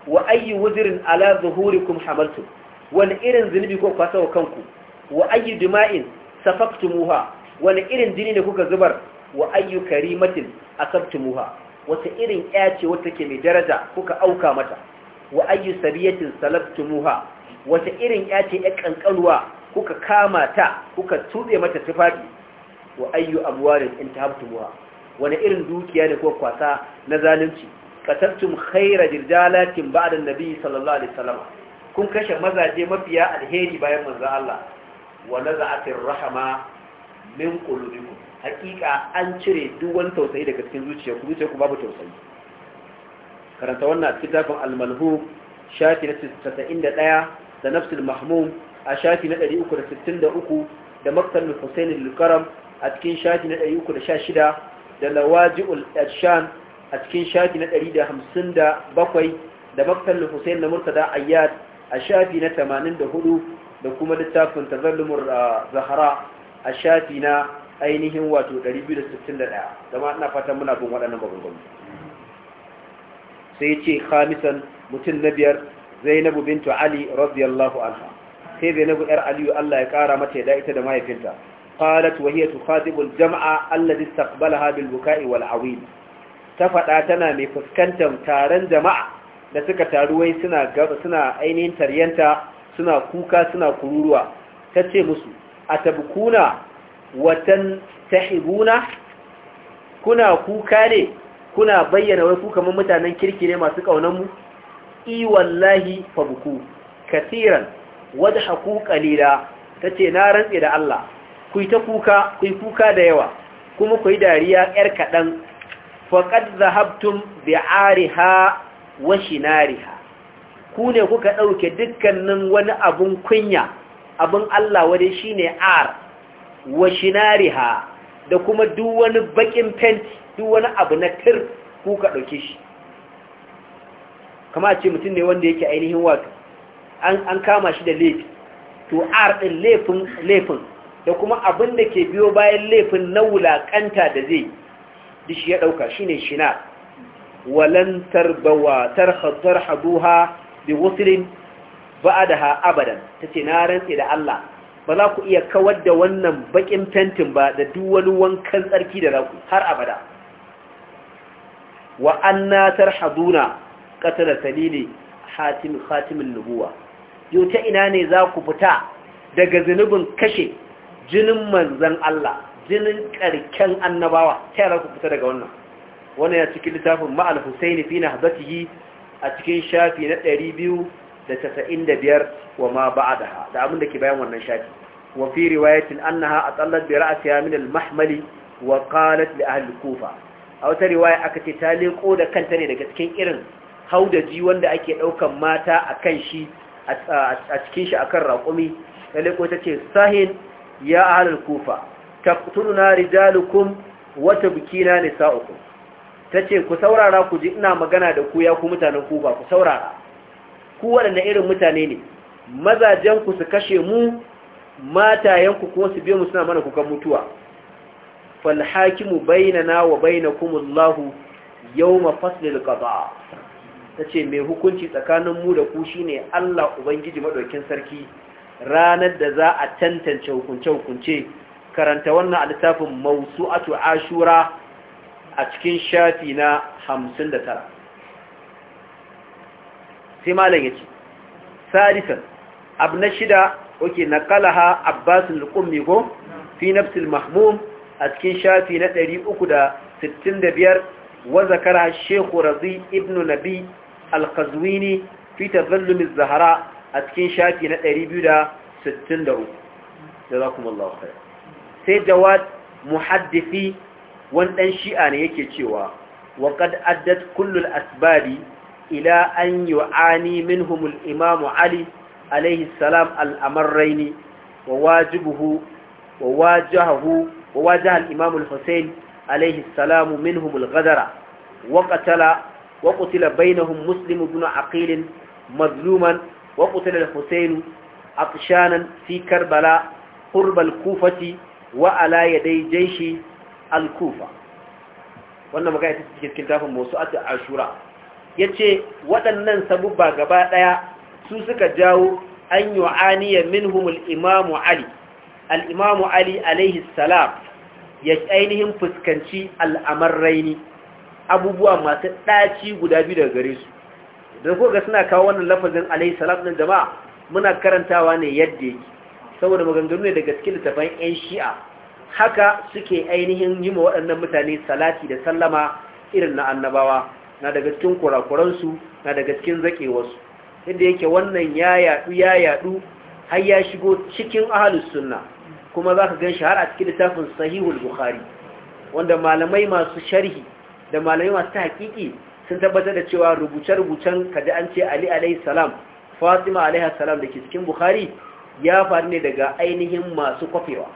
wa ayi wuzirin ala zuhurikum hamaltu wani irin zunubi ko kwasa wa kanku wa ayi dima'in safaktumuha wani irin jini ne kuka zubar wa ayyu karimatin asabtumuha wata irin ya ce wata ke mai daraja kuka auka mata wa ayyu sabiyatin salaftumuha wata irin ya ce ya kankanuwa kuka kama ta kuka tube mata tufafi wa ayyu amwalin intahabtumuha wani irin dukiya ne ko kwasa na zalunci qatabtum khayra dirdalatin ba'da nabi sallallahu alaihi wasallam kun kashe mazaje mafiya alheri bayan manzo Allah wa naza'atir rahama min qulubikum hakika an cire duwan tausayi daga cikin zuciya ku zuciya ku babu tausayi karanta wannan littafin al malhu shafi na 91 da nafsul mahmum a shafi na 363 da maktal al-husayn al-karam a cikin shafi na 316 da lawaji'ul adshan a cikin shafi na 157 da maktal al-husayn na murtada ayyad a shafi na 84 da kuma littafin tazallumur ah, zahara a shafi na ainihin wato 261 zama ina fatan muna bin waɗannan maganganu sai ce khamisan mutum na biyar zainabu bintu ali radiyallahu anha sai zainabu yar aliyu Allah ya kara mata ya ita da mahaifinta qalat wa hiya Jama'a. al-jam'a alladhi istaqbalaha bil buka'i wal awil ta faɗa tana mai fuskantar taron jama'a da suka taru wai suna gaba suna ainihin taryanta suna kuka suna kururuwa tace musu atabkuna watan tahibuna kuna kuka ne kuna bayyana wai ku kamar mutanen kirki ne masu kaunan mu i wallahi fabuku katiran wadhaku qalila tace na rantse da Allah ku ta kuka ku kuka da yawa kuma ku yi dariya yar kadan faqad zahabtum bi'ariha wa shinariha ku ne kuka dauke dukkanin wani abun kunya abun Allah wade shine ar wa shinariha da kuma duk wani bakin fenti duk wani abu na tir kuka ɗauke shi kama ce mutum ne wanda yake ainihin wato an kama shi da laifi to ar ɗin laifin da kuma abin da ke biyo bayan laifin na wulakanta da zai duk shi ya ɗauka shine shina shina tarbawa bawa tarhaduha bi wusulin ba'adaha da abadan tace na rantse da Allah ba za ku iya kawar da wannan bakin fentin ba da duk wani wankan tsarki da za har abada wa anna tarhaduna katara salili hatim nubuwa yau ta ina ne za ku fita daga zunubin kashe jinin manzan Allah jinin karken annabawa ta yara ku fita daga wannan wannan ya cikin littafin ma'al husaini fi nahzatihi a cikin shafi na biyu. da 95 wa ma ba'daha da abin da ke bayan wannan shafi wa fi riwayatin annaha tsallar biyar a min al-mahmali wa kalat da ahli kufa a wata riwaya aka ce ta leko da kanta ne daga cikin irin haudaji wanda ake ɗaukan mata a kan shi a cikin shi akan raƙumi ta leko ta ce sahin ya ahli kufa wata rijalukum nisa uku? Ta ce ku saurara ku ji ina magana da ku ya ku mutanen kufa ku saurara ku waɗanda irin mutane ne mazajenku su kashe mu matayenku kuma su bemu suna mana kukan mutuwa falhakimu bainana wa bainakumullahu yawma faslil qada tace mai hukunci tsakanin mu da ku shine Allah ubangiji madaukin sarki ranar da za a tantance hukunce hukunce karanta wannan littafin mawsu'atu ashura a cikin shafi na 59 sai malam yace salisan abna shida oke naqalaha abbas al-qummi go fi nafs mahmum a cikin shafi na 365 wa kara Shekhu razi ibn nabi al-qazwini fi tazallum az-zahra a cikin shafi na 263 jazakumullahu khair sai jawad muhaddisi wani ɗan shi'a ne yake cewa waƙad addat kullul asbabi ila an yu'ani minhum al-imam Ali alayhi salam al wa wajibuhu wa wajahahu wa wajaha al-imam al-Husayn alayhi salam minhum al-ghadara wa qatala wa qutila bainahum Muslim ibn Aqil mazluman wa qutila al-Husayn atshanan fi Karbala wa ala yaday jayshi al-Kufa wannan magana ta ashura ya ce waɗannan sabubba gaba ɗaya su suka jawo an yi aniya minhumul imamu ali al'imamu ali alaihi salam ya ainihin fuskanci al'amarraini abubuwa masu ɗaci guda biyu daga gare su da kuka suna kawo wannan lafazin alaihi salam ɗin jama'a muna karantawa ne yadda yake saboda maganganu ne daga gaske littafan 'yan shi'a haka suke ainihin yi wa waɗannan mutane salati da sallama irin na annabawa na daga cikin kurakuransu na daga cikin zakewarsu Inda yake wannan ya yadu ya yadu har ya shigo cikin ahlus sunna kuma za ka gan shi har a cikin littafin sahihul bukhari wanda malamai masu sharhi da malamai masu hakiki sun tabbatar da cewa rubuce-rubucen kaji an ce ali alaihi salam fatima alaihi salam da ke cikin bukhari ya faru ne daga ainihin masu kwafewa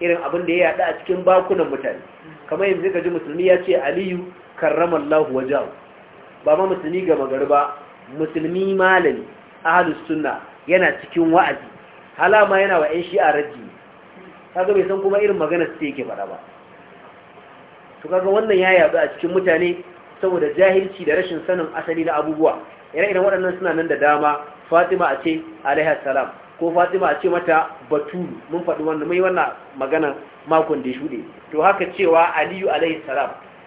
irin abin da ya yada a cikin bakunan mutane kamar yanzu ka ji musulmi ya ce aliyu karramar Allah wajahu ba ma musulmi ga gari ba musulmi malami ahlus sunna yana cikin wa'azi halama yana wa 'yan shi'a raji kaga bai san kuma irin magana su yake fara ba to kaga wannan ya yabu a cikin mutane saboda jahilci da rashin sanin asali na abubuwa ire idan waɗannan suna nan da dama fatima a ce alaihi ko fatima a ce mata batulu mun faɗi wannan mai wannan magana makon da ya shuɗe to haka cewa aliyu alaihi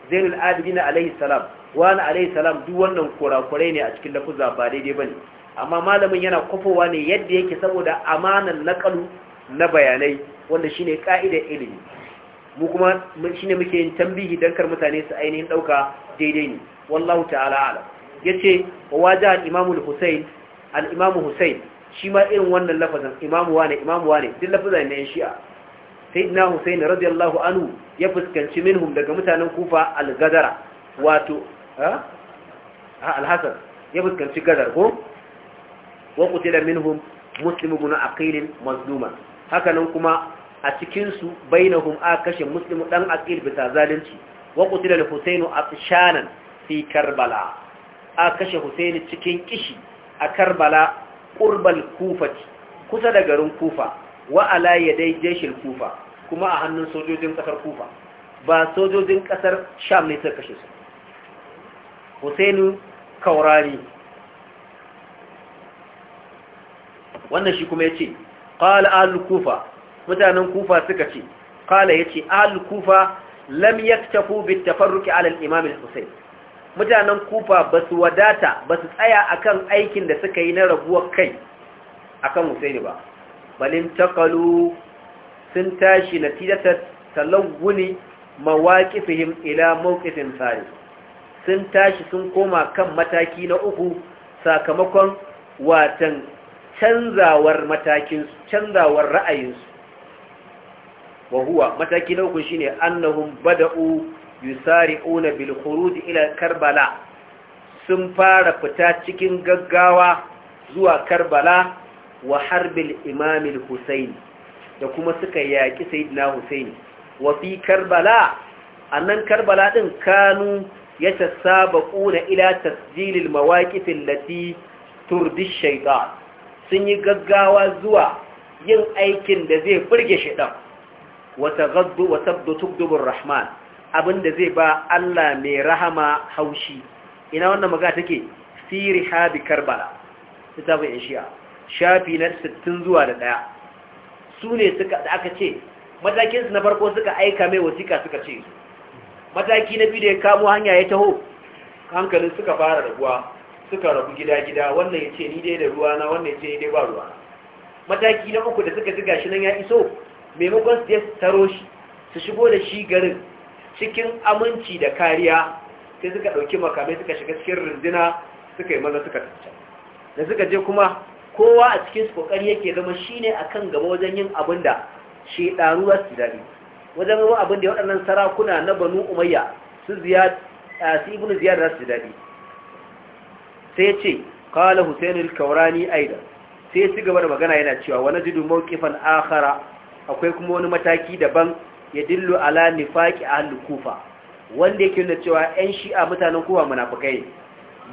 zainul abidin alaihi salam wani alaihi salam duk wannan kurakurai ne a cikin lafuza ba daidai bane amma malamin yana kofowa ne yadda yake saboda amanan naqalu na bayanai wanda shine ka'idar ilimi mu kuma shine muke yin tambihi dan kar mutane su ainihin dauka daidai ne wallahu ta'ala ala yace waja al-imamu al-husayn al-imamu husayn shi ma irin wannan lafazin imamu wane imamu wane duk lafazan ne shi'a Sai na husaini radiyallahu anu ya fuskanci minhum daga mutanen Kufa al-Gadara wato ha al-Hasan ya fuskanci Gadar ko wa kutila minhum Muslim ibn Aqil mazluma haka nan kuma a cikin su bainahum kashe Muslim dan Aqil bisa zalunci wa kutila husainu afshanan fi Karbala kashe Husaini cikin kishi a Karbala qurbal Kufati kusa da garin Kufa wa ala yadai jeshin Kufa kuma a hannun sojojin kasar kufa ba sojojin kasar sham ne suka kashe su husainu kaurari wannan shi kuma ya ce ƙala al-kufa mutanen kufa suka ce ƙala ya ce al-kufa lam yaktafu bi tafarruki alal imamin mutanen kufa ba su wadata ba su tsaya akan aikin da suka yi na rabuwar kai a kan husaini ba balin takalu sun tashi natijata talawuni mawaƙifihim ila mawqifin tsari sun tashi sun koma kan mataki na uku sakamakon watan canzawar canzawar ra'ayinsu wa mataki na uku shine annahum bada'u yusari'una bil khuruj ila karbala sun fara fita cikin gaggawa zuwa karbala wa harbil imamil Hussaini. da kuma suka yaƙi sayyidina husaini wa fi karbala annan karbala din kanu yatasabaquna ila tasjilil mawaqif allati turdi shaytan sun yi gaggawa zuwa yin aikin da zai burge shaytan Wata taghaddu wa tabdu rahman abinda zai ba Allah mai rahama haushi ina wannan magana take fi rihabi karbala kitabun shi'a shafi na 60 zuwa da 1 su ne suka aka ce matakinsu na farko suka aika mai wasiƙa suka ce su mataki na biyu da ya kamo hanya ya taho hankalin suka fara raguwa suka rabu gida-gida wannan ya ce ni dai da ruwa na wannan ya ce ni dai ba ruwa mataki na uku da suka ziga gashi nan ya iso maimakon su ya taro shi su shigo da shi garin cikin aminci da kariya sai suka ɗauki makamai suka shiga cikin rundina suka yi maza suka tattace da suka je kuma kowa a cikin su kokari yake zama shine akan gaba wajen yin abin da shi za su dadi wajen yin abin da waɗannan sarakuna na banu umayya su ziyad su ibnu ziyad za su dadi sai ce qala husayn al-kawrani aidan sai su gaba da magana yana cewa wani jidu mawqifan akhara akwai kuma wani mataki daban ya dillu ala nifaqi hannun kufa wanda yake nuna cewa ‘yan shi'a mutanen kowa munafukai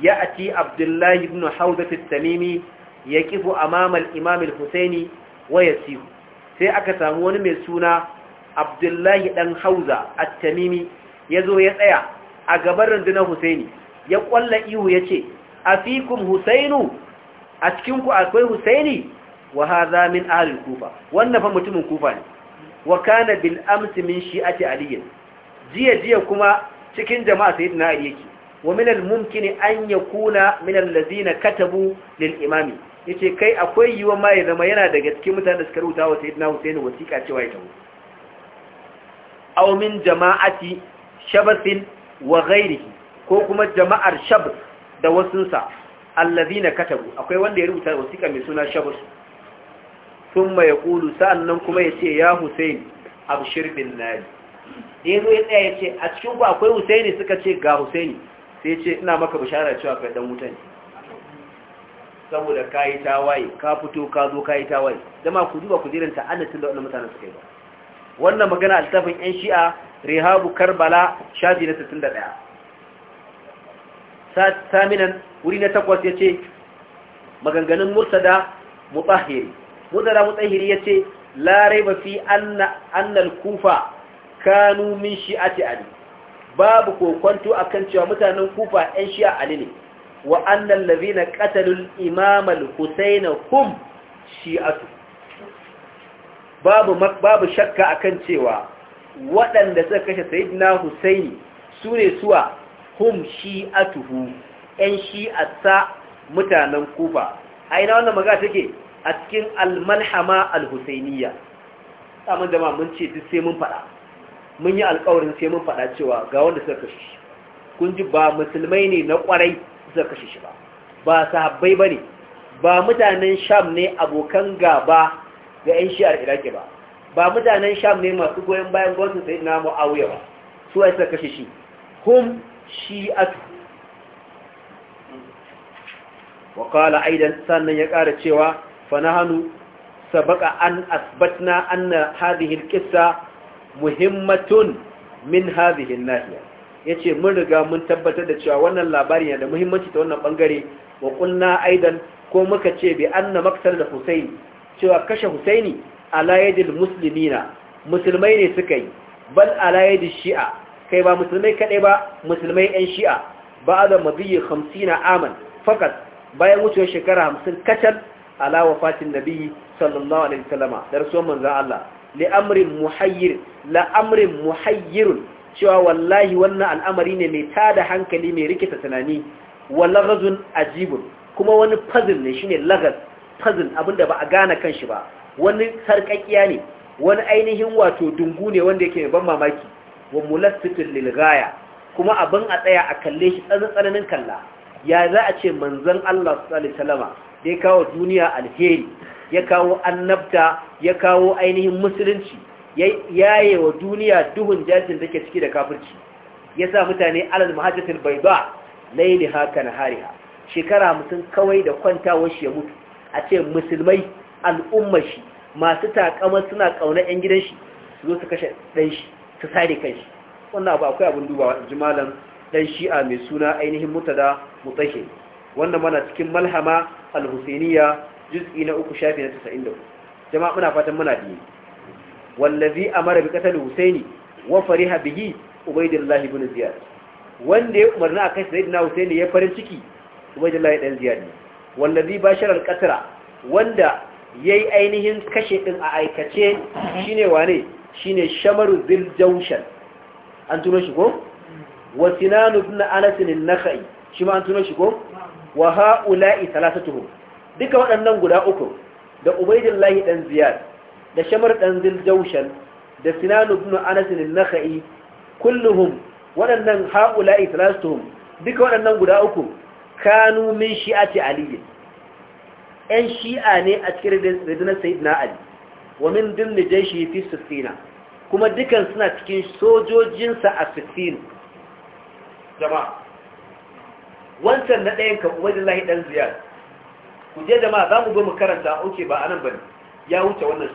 ya a abdullahi ibn haudat tamimi Ya amama amamal imam al-husaini wa yasihu sai aka samu wani mai suna abdullahi dan hauza at-tamimi zo ya tsaya a gaban rundunar husaini ya kwalla ihu yace afikum husainu a cikinku akwai husaini wa hadha min ahli kufa wannan fa mutumin kufa ne wa kana bil amsi min shi'ati ali jiya jiya kuma cikin jama'a sayyidina ali yake wa minal al mumkin an yakuna min allazina katabu lil imami yace kai akwai yiwa ma ya zama yana daga cikin mutanen da suka rubuta wa sayyidina Hussein wasiƙa cewa ya tawo aw min jama'ati shabasin wa ghairihi ko kuma jama'ar shab da wasunsa alladhina katabu akwai wanda ya rubuta wasiƙa mai suna shabas thumma yaqulu sa'annan kuma yace ya Hussein abshir bin nari yanzu da yace a cikin ku akwai Hussein suka ce ga Hussein sai yace ina maka bishara cewa kai dan wuta ne saboda ka yi tawaye ka fito ka zo ka yi tawaye zama ku duba ku jirin ta'annatin da wannan mutanen suka yi ba wannan magana altafin yan shi'a rehabu karbala shafi na 61 saminan wuri na takwas ya ce maganganun murtada mutahiri murtada mutahiri ya ce larai ba fi annal kufa kanu min shi'ati ali babu kokonto akan cewa mutanen kufa yan shi'a ali ne wa annal ladhina qatalul imam al-husayn hum shi'atu babu babu shakka akan cewa waɗanda suka kashe sayyidina husaini sune suwa hum shi'atuhu ɗan shi'atsa mutanen kufa a ina wannan magana take a cikin almalhama alhusainiya tsamin da mun ce duk sai mun faɗa mun yi alƙawarin sai mun faɗa cewa ga wanda suka kashe kun ji ba musulmai ne na kwarai. suka kashe shi ba ba sahabbai bane ba mutanen sham ne abokan gaba ga 'yan shi'ar iraki ba ba mutanen sham ne masu goyon bayan gwamnatin sai na mu'awiyar ba su a suka kashe shi hum shi'atu wa kala aidan sannan ya ƙara cewa fanahanu sabaka an asbatna anna hadhihi alqissa muhimmatun min hadhihi nahiya ya ce mun riga mun tabbatar da cewa wannan labari yana da muhimmanci ta wannan bangare wa kunna aidan ko muka ce bi anna maktar da husaini cewa kashe husaini ala yadil musulmina musulmai ne suka yi bal ala yadil shi'a kai ba musulmai kadai ba musulmai yan shi'a ba da mabiyi hamsina aman fakat bayan wucewar shekara hamsin kacal ala wafatin nabi sallallahu alaihi wasallama da rasuwan manzon Allah li amrin muhayyir la amrin muhayyirun cewa wallahi wannan al'amari ne mai tada hankali mai rikita tunani wa lagazun ajibun kuma wani puzzle ne shine lagaz puzzle abinda ba a gane kanshi ba wani sarƙaƙiya ne wani ainihin wato dungu ne wanda yake ban mamaki wa mulassitul lil ghaya kuma abin a tsaya a kalle shi tsananin kalla ya za a ce manzon Allah sallallahu alaihi da ya kawo duniya alheri ya kawo annabta ya kawo ainihin musulunci yaye wa duniya duhun jajin da ke ciki da kafirci ya sa mutane alal bai bai laili haka na hariha shekara mutum kawai da kwanta shi ya mutu a ce musulmai al'ummar shi masu takama suna kauna yan gidan shi su zo su kashe dan shi su sare kan shi wannan abu akwai abin dubawa jimalan ɗan shi'a mai suna ainihin mutada mutashe wannan mana cikin malhama al-husainiya juz'i na uku shafi na 94 jama'a muna fatan muna biye wallazi amara bi qatl husaini wa fariha bihi ubaydullah ibn ziyad wanda ya umarna a kai sayyidina husaini ya farin ciki ubaydullah dan ziyad ne wallazi bashara al-qatra wanda yayi ainihin kashe din a aikace shine wane shine shamaru zil jawshan an tuno shi ko wa sinan ibn anas an-nakhai shi ma an tuno shi ko wa haula'i thalathatuhum duka waɗannan guda uku da ubaidillahi dan ziyad da shamar ɗan ziljaushen da sinanu bin anasin naka'i kulluhum waɗannan haƙula'i talastuhum duka waɗannan guda uku kanu min shi'ati Aliyu. ‘yan shi'a ne a cikin ridinar sayidina ali wa min dimni jaishi fi sufina kuma dukan suna cikin sojojinsa a sufin jama'a wancan na ɗayan ka kan ubaidillahi ɗan ziyar ku je jama'a za mu bi mu karanta oke ba a nan ba ne ya wuce wannan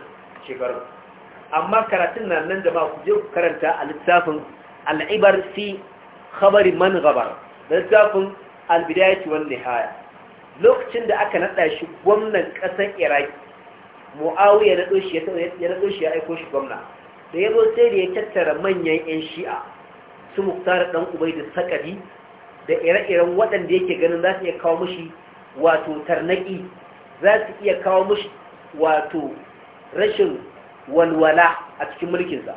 shekaru amma karatun na nan da ba ku je ku karanta a littafin al'ibar fi khabari man gabar da littafin albidayati wani nihaya lokacin da aka naɗa shi gwamnan ƙasar iraki doshi ya naɗo shi ya aiko shi gwamna da yabo sai da ya tattara manyan 'yan shi'a su muktar ɗan ubai da sakadi da ire-iren waɗanda yake ganin za su iya kawo mushi wato tarnaki za su iya kawo mushi wato rashin walwala a cikin mulkinsa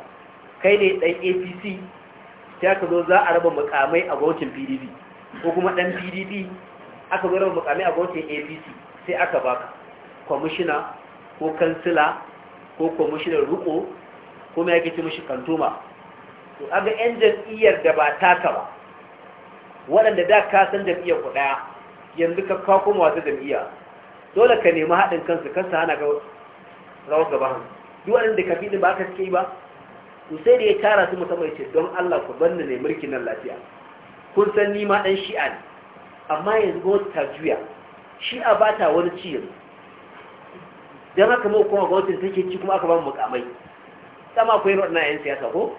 kai ne ɗan apc ta ka zo za a raba mukamai a gautin pdp ko kuma ɗan pdp aka zo raba mukamai a gautin apc sai aka baka kwamishina ko kansila ko kwamishinan ruko ko mai yake ce mashi kantoma to aga yan jam'iyyar da ba taka ba waɗanda da ka san jam'iyyar ku ɗaya yanzu ka kawo kuma wata jam'iyya dole ka nemi haɗin kansu kansa hana ga rawar gaba hannu duk wani da kafin ba aka yi ba to sai da ya tara su musamman ce don Allah ku banna ne mulkin nan lafiya kun san ni ma dan shi'a ne amma yanzu ga wata juya shi'a ba ta wani ci yanzu don haka mu kuma wata take ci kuma aka ba mu mukamai sama akwai waɗannan 'yan siyasa ko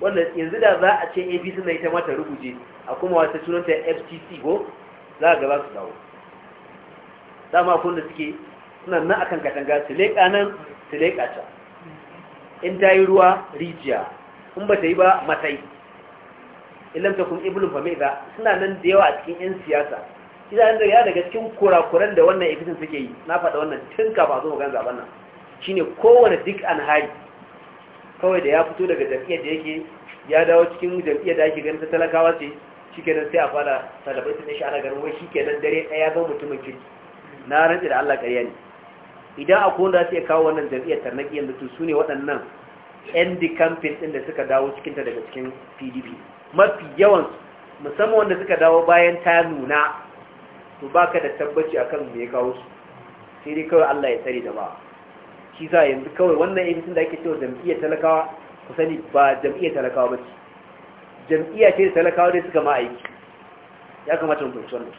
wanda yanzu da za a ce apc na ita mata rubuce a kuma wata sunanta fcc ko za a gaba su dawo dama kun da suke suna nan akan katanga su leƙa nan su leƙa can in ta yi ruwa rijiya in ba ta yi ba matai ilan ta kun ibulun suna nan da yawa a cikin 'yan siyasa idan yanzu ya daga cikin kurakuran da wannan efisin suke yi na faɗa wannan tun kafa zo magan zaben nan shine kowane duk an hari kawai da ya fito daga jam'iyyar da yake ya dawo cikin jam'iyyar da ake ganin ta talakawa ce nan sai a fara talabai sun shi ana ganin wai nan dare ɗaya ga mutumin kirki na rantsi da Allah ƙarya ne idan akwai wanda su iya kawo wannan jam'iyyar tarnaki yanzu tun su ne waɗannan yan kamfen ɗin da suka dawo cikinta daga cikin pdp mafi yawan musamman wanda suka dawo bayan ta nuna to baka da tabbaci akan kan ya kawo su sai dai kawai allah ya tsare da ba shi za yanzu kawai wannan abc da ake cewa jam'iyyar talakawa ku sani ba jam'iyyar talakawa ba ce jam'iyya ce da talakawa dai suka ma aiki ya kamata mu fahimci wannan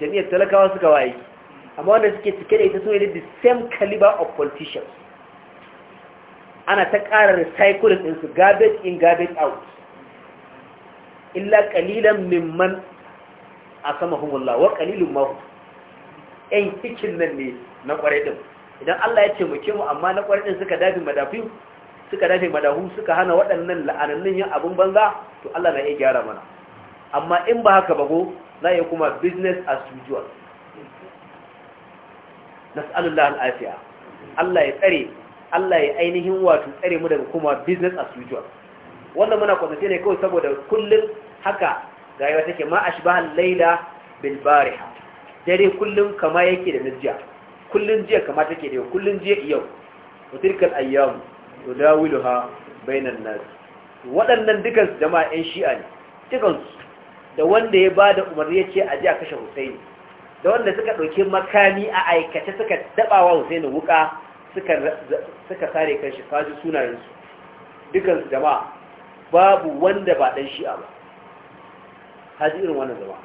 jam'iyyar talakawa suka wa aiki amma wanda suke cike da ita su ne the same caliber of politicians ana ta ƙara recycling ɗinsu garbage in garbage out illa ƙalilan mimman a sama hunwallah wa ƙalilun mahu ‘yan cikin nan ne na ƙwarai ɗin idan Allah ya ce muke mu amma na ƙwarai ɗin suka dafi madafi suka dafi madahu suka hana waɗannan la'anannun yin abin banza to Allah na iya gyara mana amma in ba haka bago za iya kuma business as usual nas'alullah al'afiya Allah ya tsare Allah ya ainihin wato tsare mu daga kuma business as usual wannan muna kwatance ne kawai saboda kullum haka yawa take ma al laila bil bariha dare kullum kama yake da najiya kullum jiya kama take da kullum jiya yau wa tilkal ayyam tudawiluha bainan nas waɗannan dukan jama'a ƴan shi'a ne dukan da wanda ya bada umarni yace a ji a kashe Husaini da wanda suka ɗauki makami a aikace suka daɓawa Husainu wuka suka sare shi faji sunayensu dukansu jama'a babu wanda ba ɗan shi'a ba haji irin wannan zama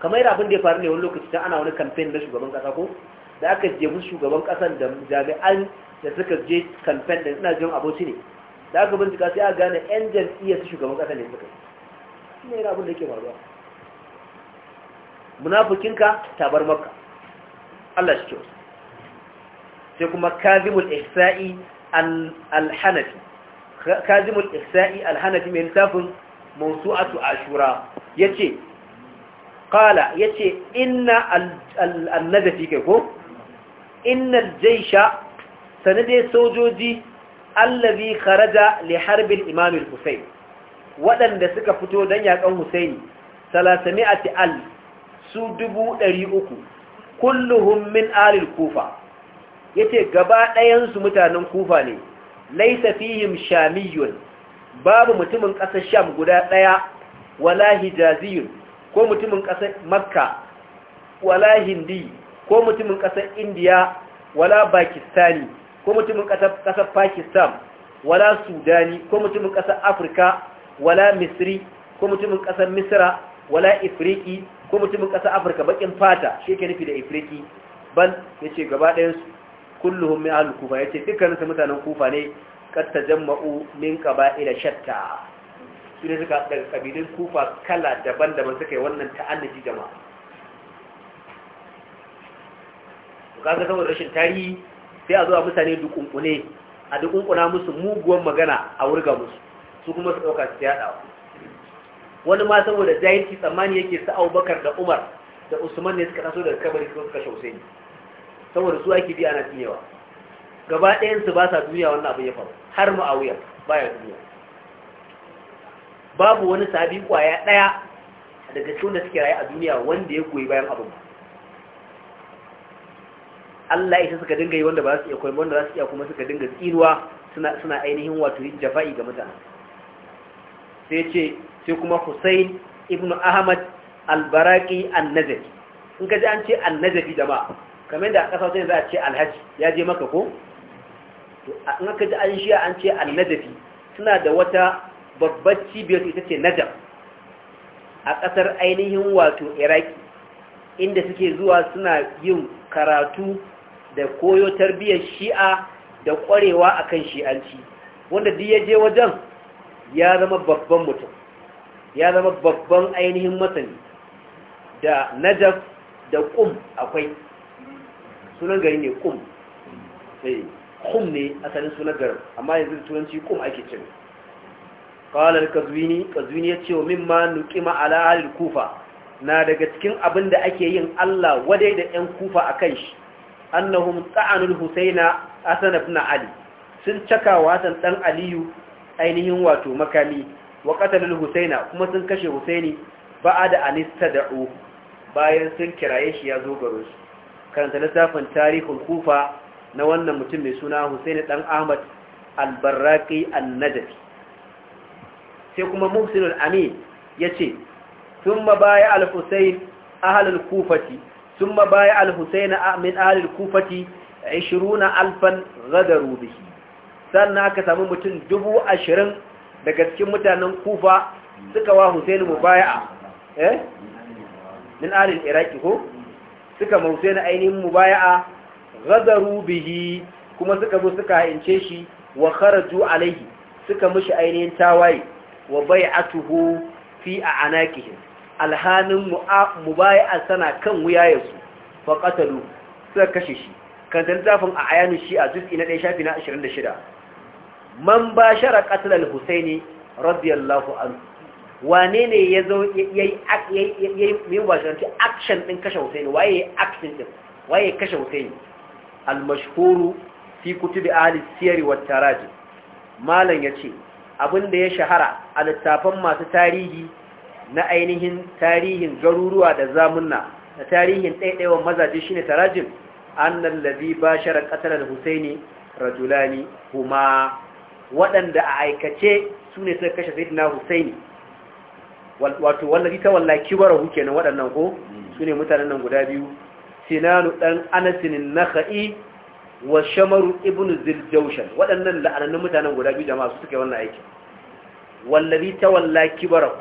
kamar yana abin da ya faru ne wani lokaci ta ana wani kamfen na shugaban ƙasa ko da aka je musu shugaban ƙasan da jami'an da suka je kamfen da suna jin abinci ne da aka bincika sai a gane 'yan jam'iyyar shugaban ƙasa ne suka yi ne yana abin da ke faruwa munafikinka tabar maka Allah shi kyau sai kuma kazimul ihsa'i al kazimul ihsa'i al mai littafin mawsu'atu ashura yace qala yace inna al-nadafi kai ko inna al-jaysha sanade sojoji allazi kharaja li harbil imam al-husayn wadanda suka fito dan yakan husaini 300 alf su dubu ɗari uku kulluhum min alil kufa ce gaba ɗayansu mutanen kufa ne laisa fihim shamiyun babu mutumin ƙasar sham guda ɗaya wala hijaziyun ko mutumin ƙasar makka wala hindi ko mutumin ƙasar indiya wala pakistani ko mutumin ƙasar pakistan wala sudani ko mutumin ƙasar afirka wala misri ko mutumin ƙasar misra wala ifriki ko mutumin ƙasar afirka bakin fata shi ke nufi da ifriki ban ya ce gaba ɗayansu kulluhun mai ahalin kufa ya ce su mutanen kufa ne ƙasta ma'u min ila shatta su ne suka daga ƙabilin kufa kala daban-daban suka yi wannan ta'annaji jama'a ga saboda rashin tarihi sai a zuwa mutane dukunkune a dukunkuna musu muguwan magana a wurga musu su kuma su ɗauka su yaɗawa wani ma saboda jahilci tsammani yake sa Abubakar da Umar da Usman ne suka taso daga kabari suka shausai ne saboda su ake biya na tinyewa gaba ɗayansu ba sa duniya wannan abin ya faru har ba ya duniya babu wani sabi kwaya ɗaya daga cikin da suke raye a duniya wanda ya goyi bayan abin Allah ya suka dinga yi wanda ba su iya koyi wanda za su iya kuma suka dinga tsiruwa suna ainihin wato yin jafa'i ga mutane sai ce sai kuma Hussain ibn Ahmad al-Baraki an-Nazafi in ka ji an ce an-Nazafi jama'a kamar da a ƙasa sai za a ce alhaji ya je maka ko to in ka ji an shi an ce an-Nazafi suna da wata babbar cibiyar ita ce Najaf a ƙasar ainihin wato Iraki inda suke zuwa suna yin karatu da koyo tarbiyyar shi'a da ƙwarewa akan shi'anci wanda duk ya je wajen ya zama babban mutum ya zama babban ainihin masani da najaf da kum akwai sunan gari ne kum sai eh, kum ne asalin sunan garin amma yanzu turanci kum ake cin kawalar kazwini kazwini ya ce wa mimma nukima ma'ala halin kufa na daga cikin abin da ake yin allah wadai da 'yan kufa a kan shi annahum ta'anul husaina hasan na ali sun cakawa wasan ɗan aliyu ainihin wato makami wa husaina kuma sun kashe husaini ba'ada anistada'u bayan sun kiraye shi ya zo garo shi karanta littafin tarihul kufa na wannan mutum mai suna husaini dan ahmad Al-Barraqi al najdi sai kuma muhsinul amin yace thumma baya al-husayn ahlul kufati thumma baya al-husayn min ahlul kufati 20000 ghadaru bihi sannan aka samu mutum 20000 daga cikin mutanen kufa suka wa husaini mubaya'a eh min alil iraki ko suka ma husaini ainihin mubaya'a ghadaru bihi kuma suka zo suka haince shi wa kharaju alaihi suka mishi ainihin tawaye wa bai'atuhu fi a'anakihi alhanin mubaya'a sana kan su fa qatalu suka kashe shi kan tantafin a ayanu shi'a juz'i na 1 shafi na 26 man ba shara katilal husaini radiyallahu anhu wane ne ya zo ya yi washiranci action ɗin kashe husaini waye action ɗin waye kashe husaini almashhuru fi kutubi ahli siyari wa taraji malam ya ce da ya shahara a littafan masu tarihi na ainihin tarihin garuruwa da zamunna da tarihin ɗaiɗaiwan mazaje shine tarajin? annan lazi ba shara ƙasarar husaini rajulani kuma waɗanda a aikace su ne suka kashe na husaini wato wallahi ta wallaki huke kenan waɗannan ko mm. su ne mutanen nan guda biyu sinanu ɗan anasinin naka'i wa shamaru ibn ziljaushan waɗannan la'anannun mutanen guda biyu jama'a su suka yi wannan aiki wallahi ta wallaki warahu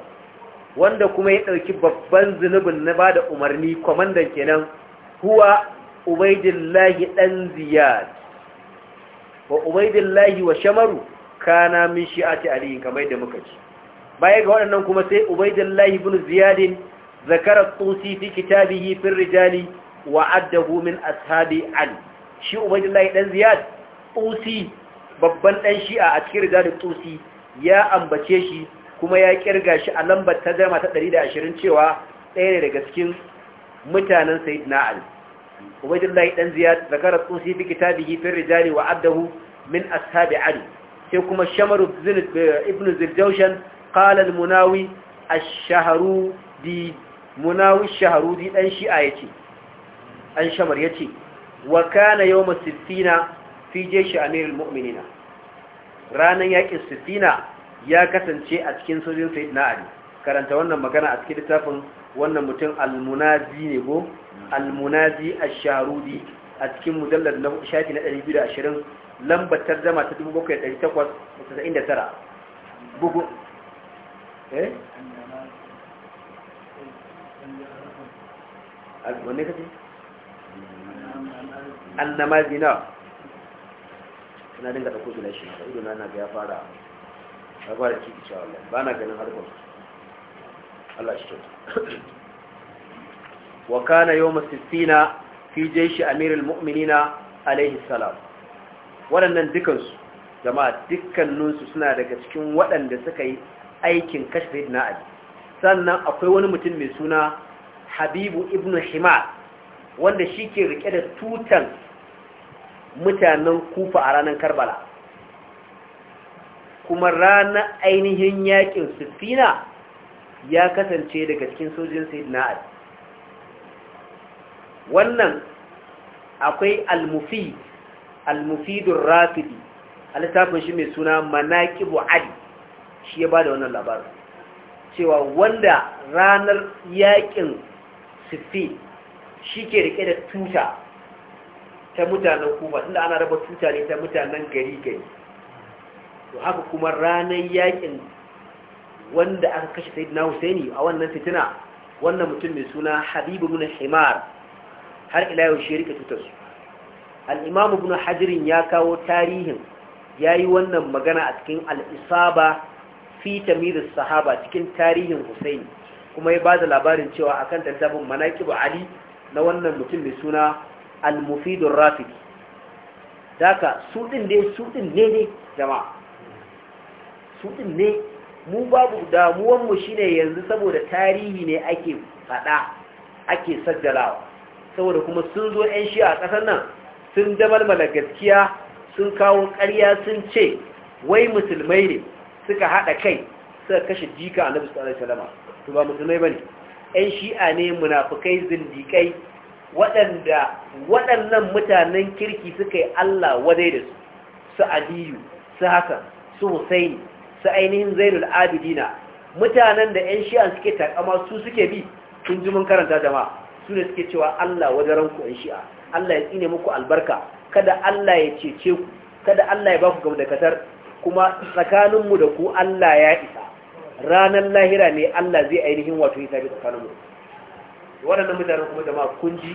wanda kuma ya ɗauki babban zunubin na ba da umarni kwamandan kenan huwa ubaidillahi ɗan ziyad wa ubaidillahi wa shamaru kana min shi'ati ali kamar da muka ci baya ga waɗannan kuma sai ubaidillahi ibn ziyadin Zakarar tusi fi kitabihi fi rijali wa addahu min ashabi ali shi ubaidillahi dan ziyad tusi babban dan shi'a a cikin rijali tusi ya ambace shi kuma ya kirga shi a lambar ta zama ta 120 cewa ɗaya ne daga cikin mutanen sayyidina ali ubaidullahi dan ziyad zakara tsusi fi kitabihi fi rijali wa addahu min ashabi ali sai kuma shamar ibn zirjaushan qala al-munawi ash-shahrudi munawi ash shahrudi munawi dan shi'a yace an shamar yace wa kana yawm as-sittina fi jaysh amir muminina Ranar yakin sittina ya kasance a cikin sojin na ali karanta wannan magana a cikin littafin wannan mutum almunazi ne go almunazi ash-sharudi a cikin mujallad na shafi na 220 lambar tarjuma ta 7899 bugu eh wanne kace annamazi na ina dinga dauko shi na shi ido na ga ya fara ya fara ciki cewa ba na ganin harkar Allah shi tuta. wa kana yau masistina fi amirul mu'minina alaihi salam waɗannan dukansu jama'a dukkaninsu suna daga cikin waɗanda suka yi aikin kashfid na aji, sannan akwai wani mutum mai suna habibu Ibn himar wanda shi ke rike da tutan mutanen kufa a ranar karbala kuma ranar ainihin yakin sufina ya kasance daga cikin sojin sayyidina ali wannan akwai al-mufid al-mufidur rafidi littafin shi mai suna manaqibu ali shi ya bada wannan labarin cewa wanda ranar yakin sifi shi ke rike da tuta ta mutanen kuma tunda ana raba tuta ne ta mutanen gari gari to haka kuma ranar yakin wanda aka kashe sayyidina husaini a wannan fitina wannan mutum mai suna habibu bin himar har ila yau shi rika tutar su al hajirin ya kawo tarihin yayi wannan magana a cikin al-isaba fi tamyiz sahaba cikin tarihin husaini kuma ya bada labarin cewa akan tantabin manaqib ali na wannan mutum mai suna al-mufidur Rafid, su din su ne ne jama'a su din ne mu babu damuwanmu shine yanzu saboda tarihi ne ake fada ake sajjalawa saboda kuma sun zo 'yan shi a ƙasar nan sun damalmala gaskiya sun kawo ƙarya sun ce wai musulmai ne suka haɗa kai suka kashe jika a sallallahu alaihi wasallam to ba musulmai bane 'yan shi'a ne munafukai zindikai waɗanda waɗannan mutanen kirki suka yi Allah wadai da su su Aliyu su Hassan su Husaini su ainihin zainul abidina mutanen da 'yan shi'a suke takama su suke bi sun ji mun karanta jama'a su ne suke cewa Allah wajen ku 'yan shi'a Allah ya tsine muku albarka kada Allah ya cece ku kada Allah ya ba ku da katar kuma tsakaninmu da ku Allah ya isa ranar lahira ne Allah zai ainihin wato yi tafi tsakaninmu waɗannan mutanen kuma jama'a kun ji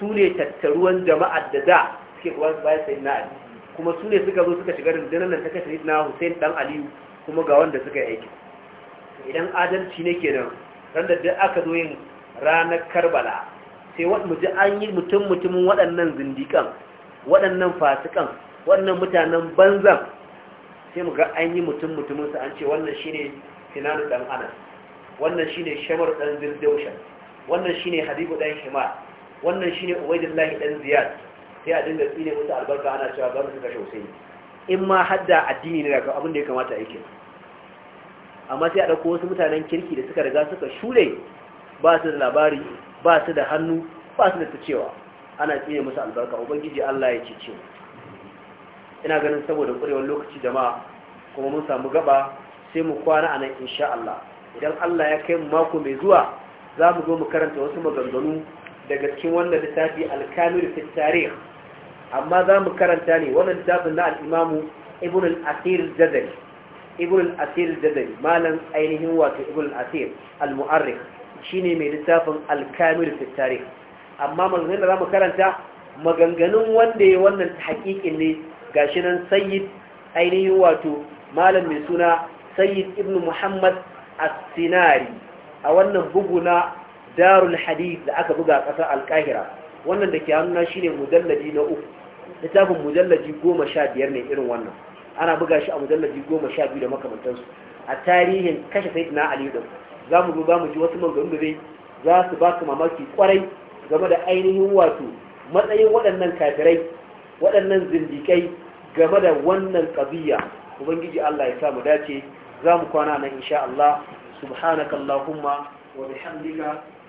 su ne tattaruwan jama'ar da da suke kuma bayan sayi na'adi kuma su ne suka zo suka shiga rundunar nan ta kashe na Hussein dan Aliyu kuma ga wanda suka yi aiki idan adalci ne kenan ran da duk aka zo yin ranar Karbala sai wani muji an yi mutum mutumin waɗannan zindikan waɗannan fasikan waɗannan mutanen banza, sai mu ga an yi mutum mutumin an ce wannan shine Sinanu dan Anas wannan shine Shamar dan Zirdaushan wannan shine Habibu dan Himar wannan shine Ubaidullahi dan Ziyad sai a dinga tsine musu albarka ana cewa ba su kashe Hussein in ma hadda addini ne daga abin da ya kamata a yake amma sai a dauko wasu mutanen kirki da suka riga suka shure ba su da labari ba su da hannu ba su da cewa ana tsine musu albarka ubangiji Allah ya cece mu ina ganin saboda ƙwarewar lokaci jama'a kuma mun samu gaba sai mu kwana anan insha Allah idan Allah ya kai mu mako mai zuwa za mu zo mu karanta wasu maganganu daga cikin wannan littafi alkamil fi tarikh amma za mu karanta ne wannan littafin na al-imamu ibn al-asir jazari ibn al-asir jazari malam ainihin wato ibn al-asir al-mu'arrikh shine mai littafin alkamil fi tarikh amma maganganun da za mu karanta maganganun wanda ya wannan hakikin ne gashi nan sayyid ainihin wato malam mai suna sayyid ibn muhammad as-sinari a wannan bugu na darul hadith da aka buga a ƙasar wannan da ke hannuna shine mujallaji na uku littafin mujallaji goma sha biyar ne irin wannan ana buga shi a mujallaji goma sha biyu da makamantansu a tarihin kashe sai na aliyu ɗin za mu ba mu ji wasu mangaru da zai za su ba su mamaki kwarai game da ainihin wato matsayin waɗannan kafirai waɗannan zindikai game da wannan ƙabiya ubangiji allah ya samu mu dace za mu kwana nan insha allah subhanakallahumma wa bihamdika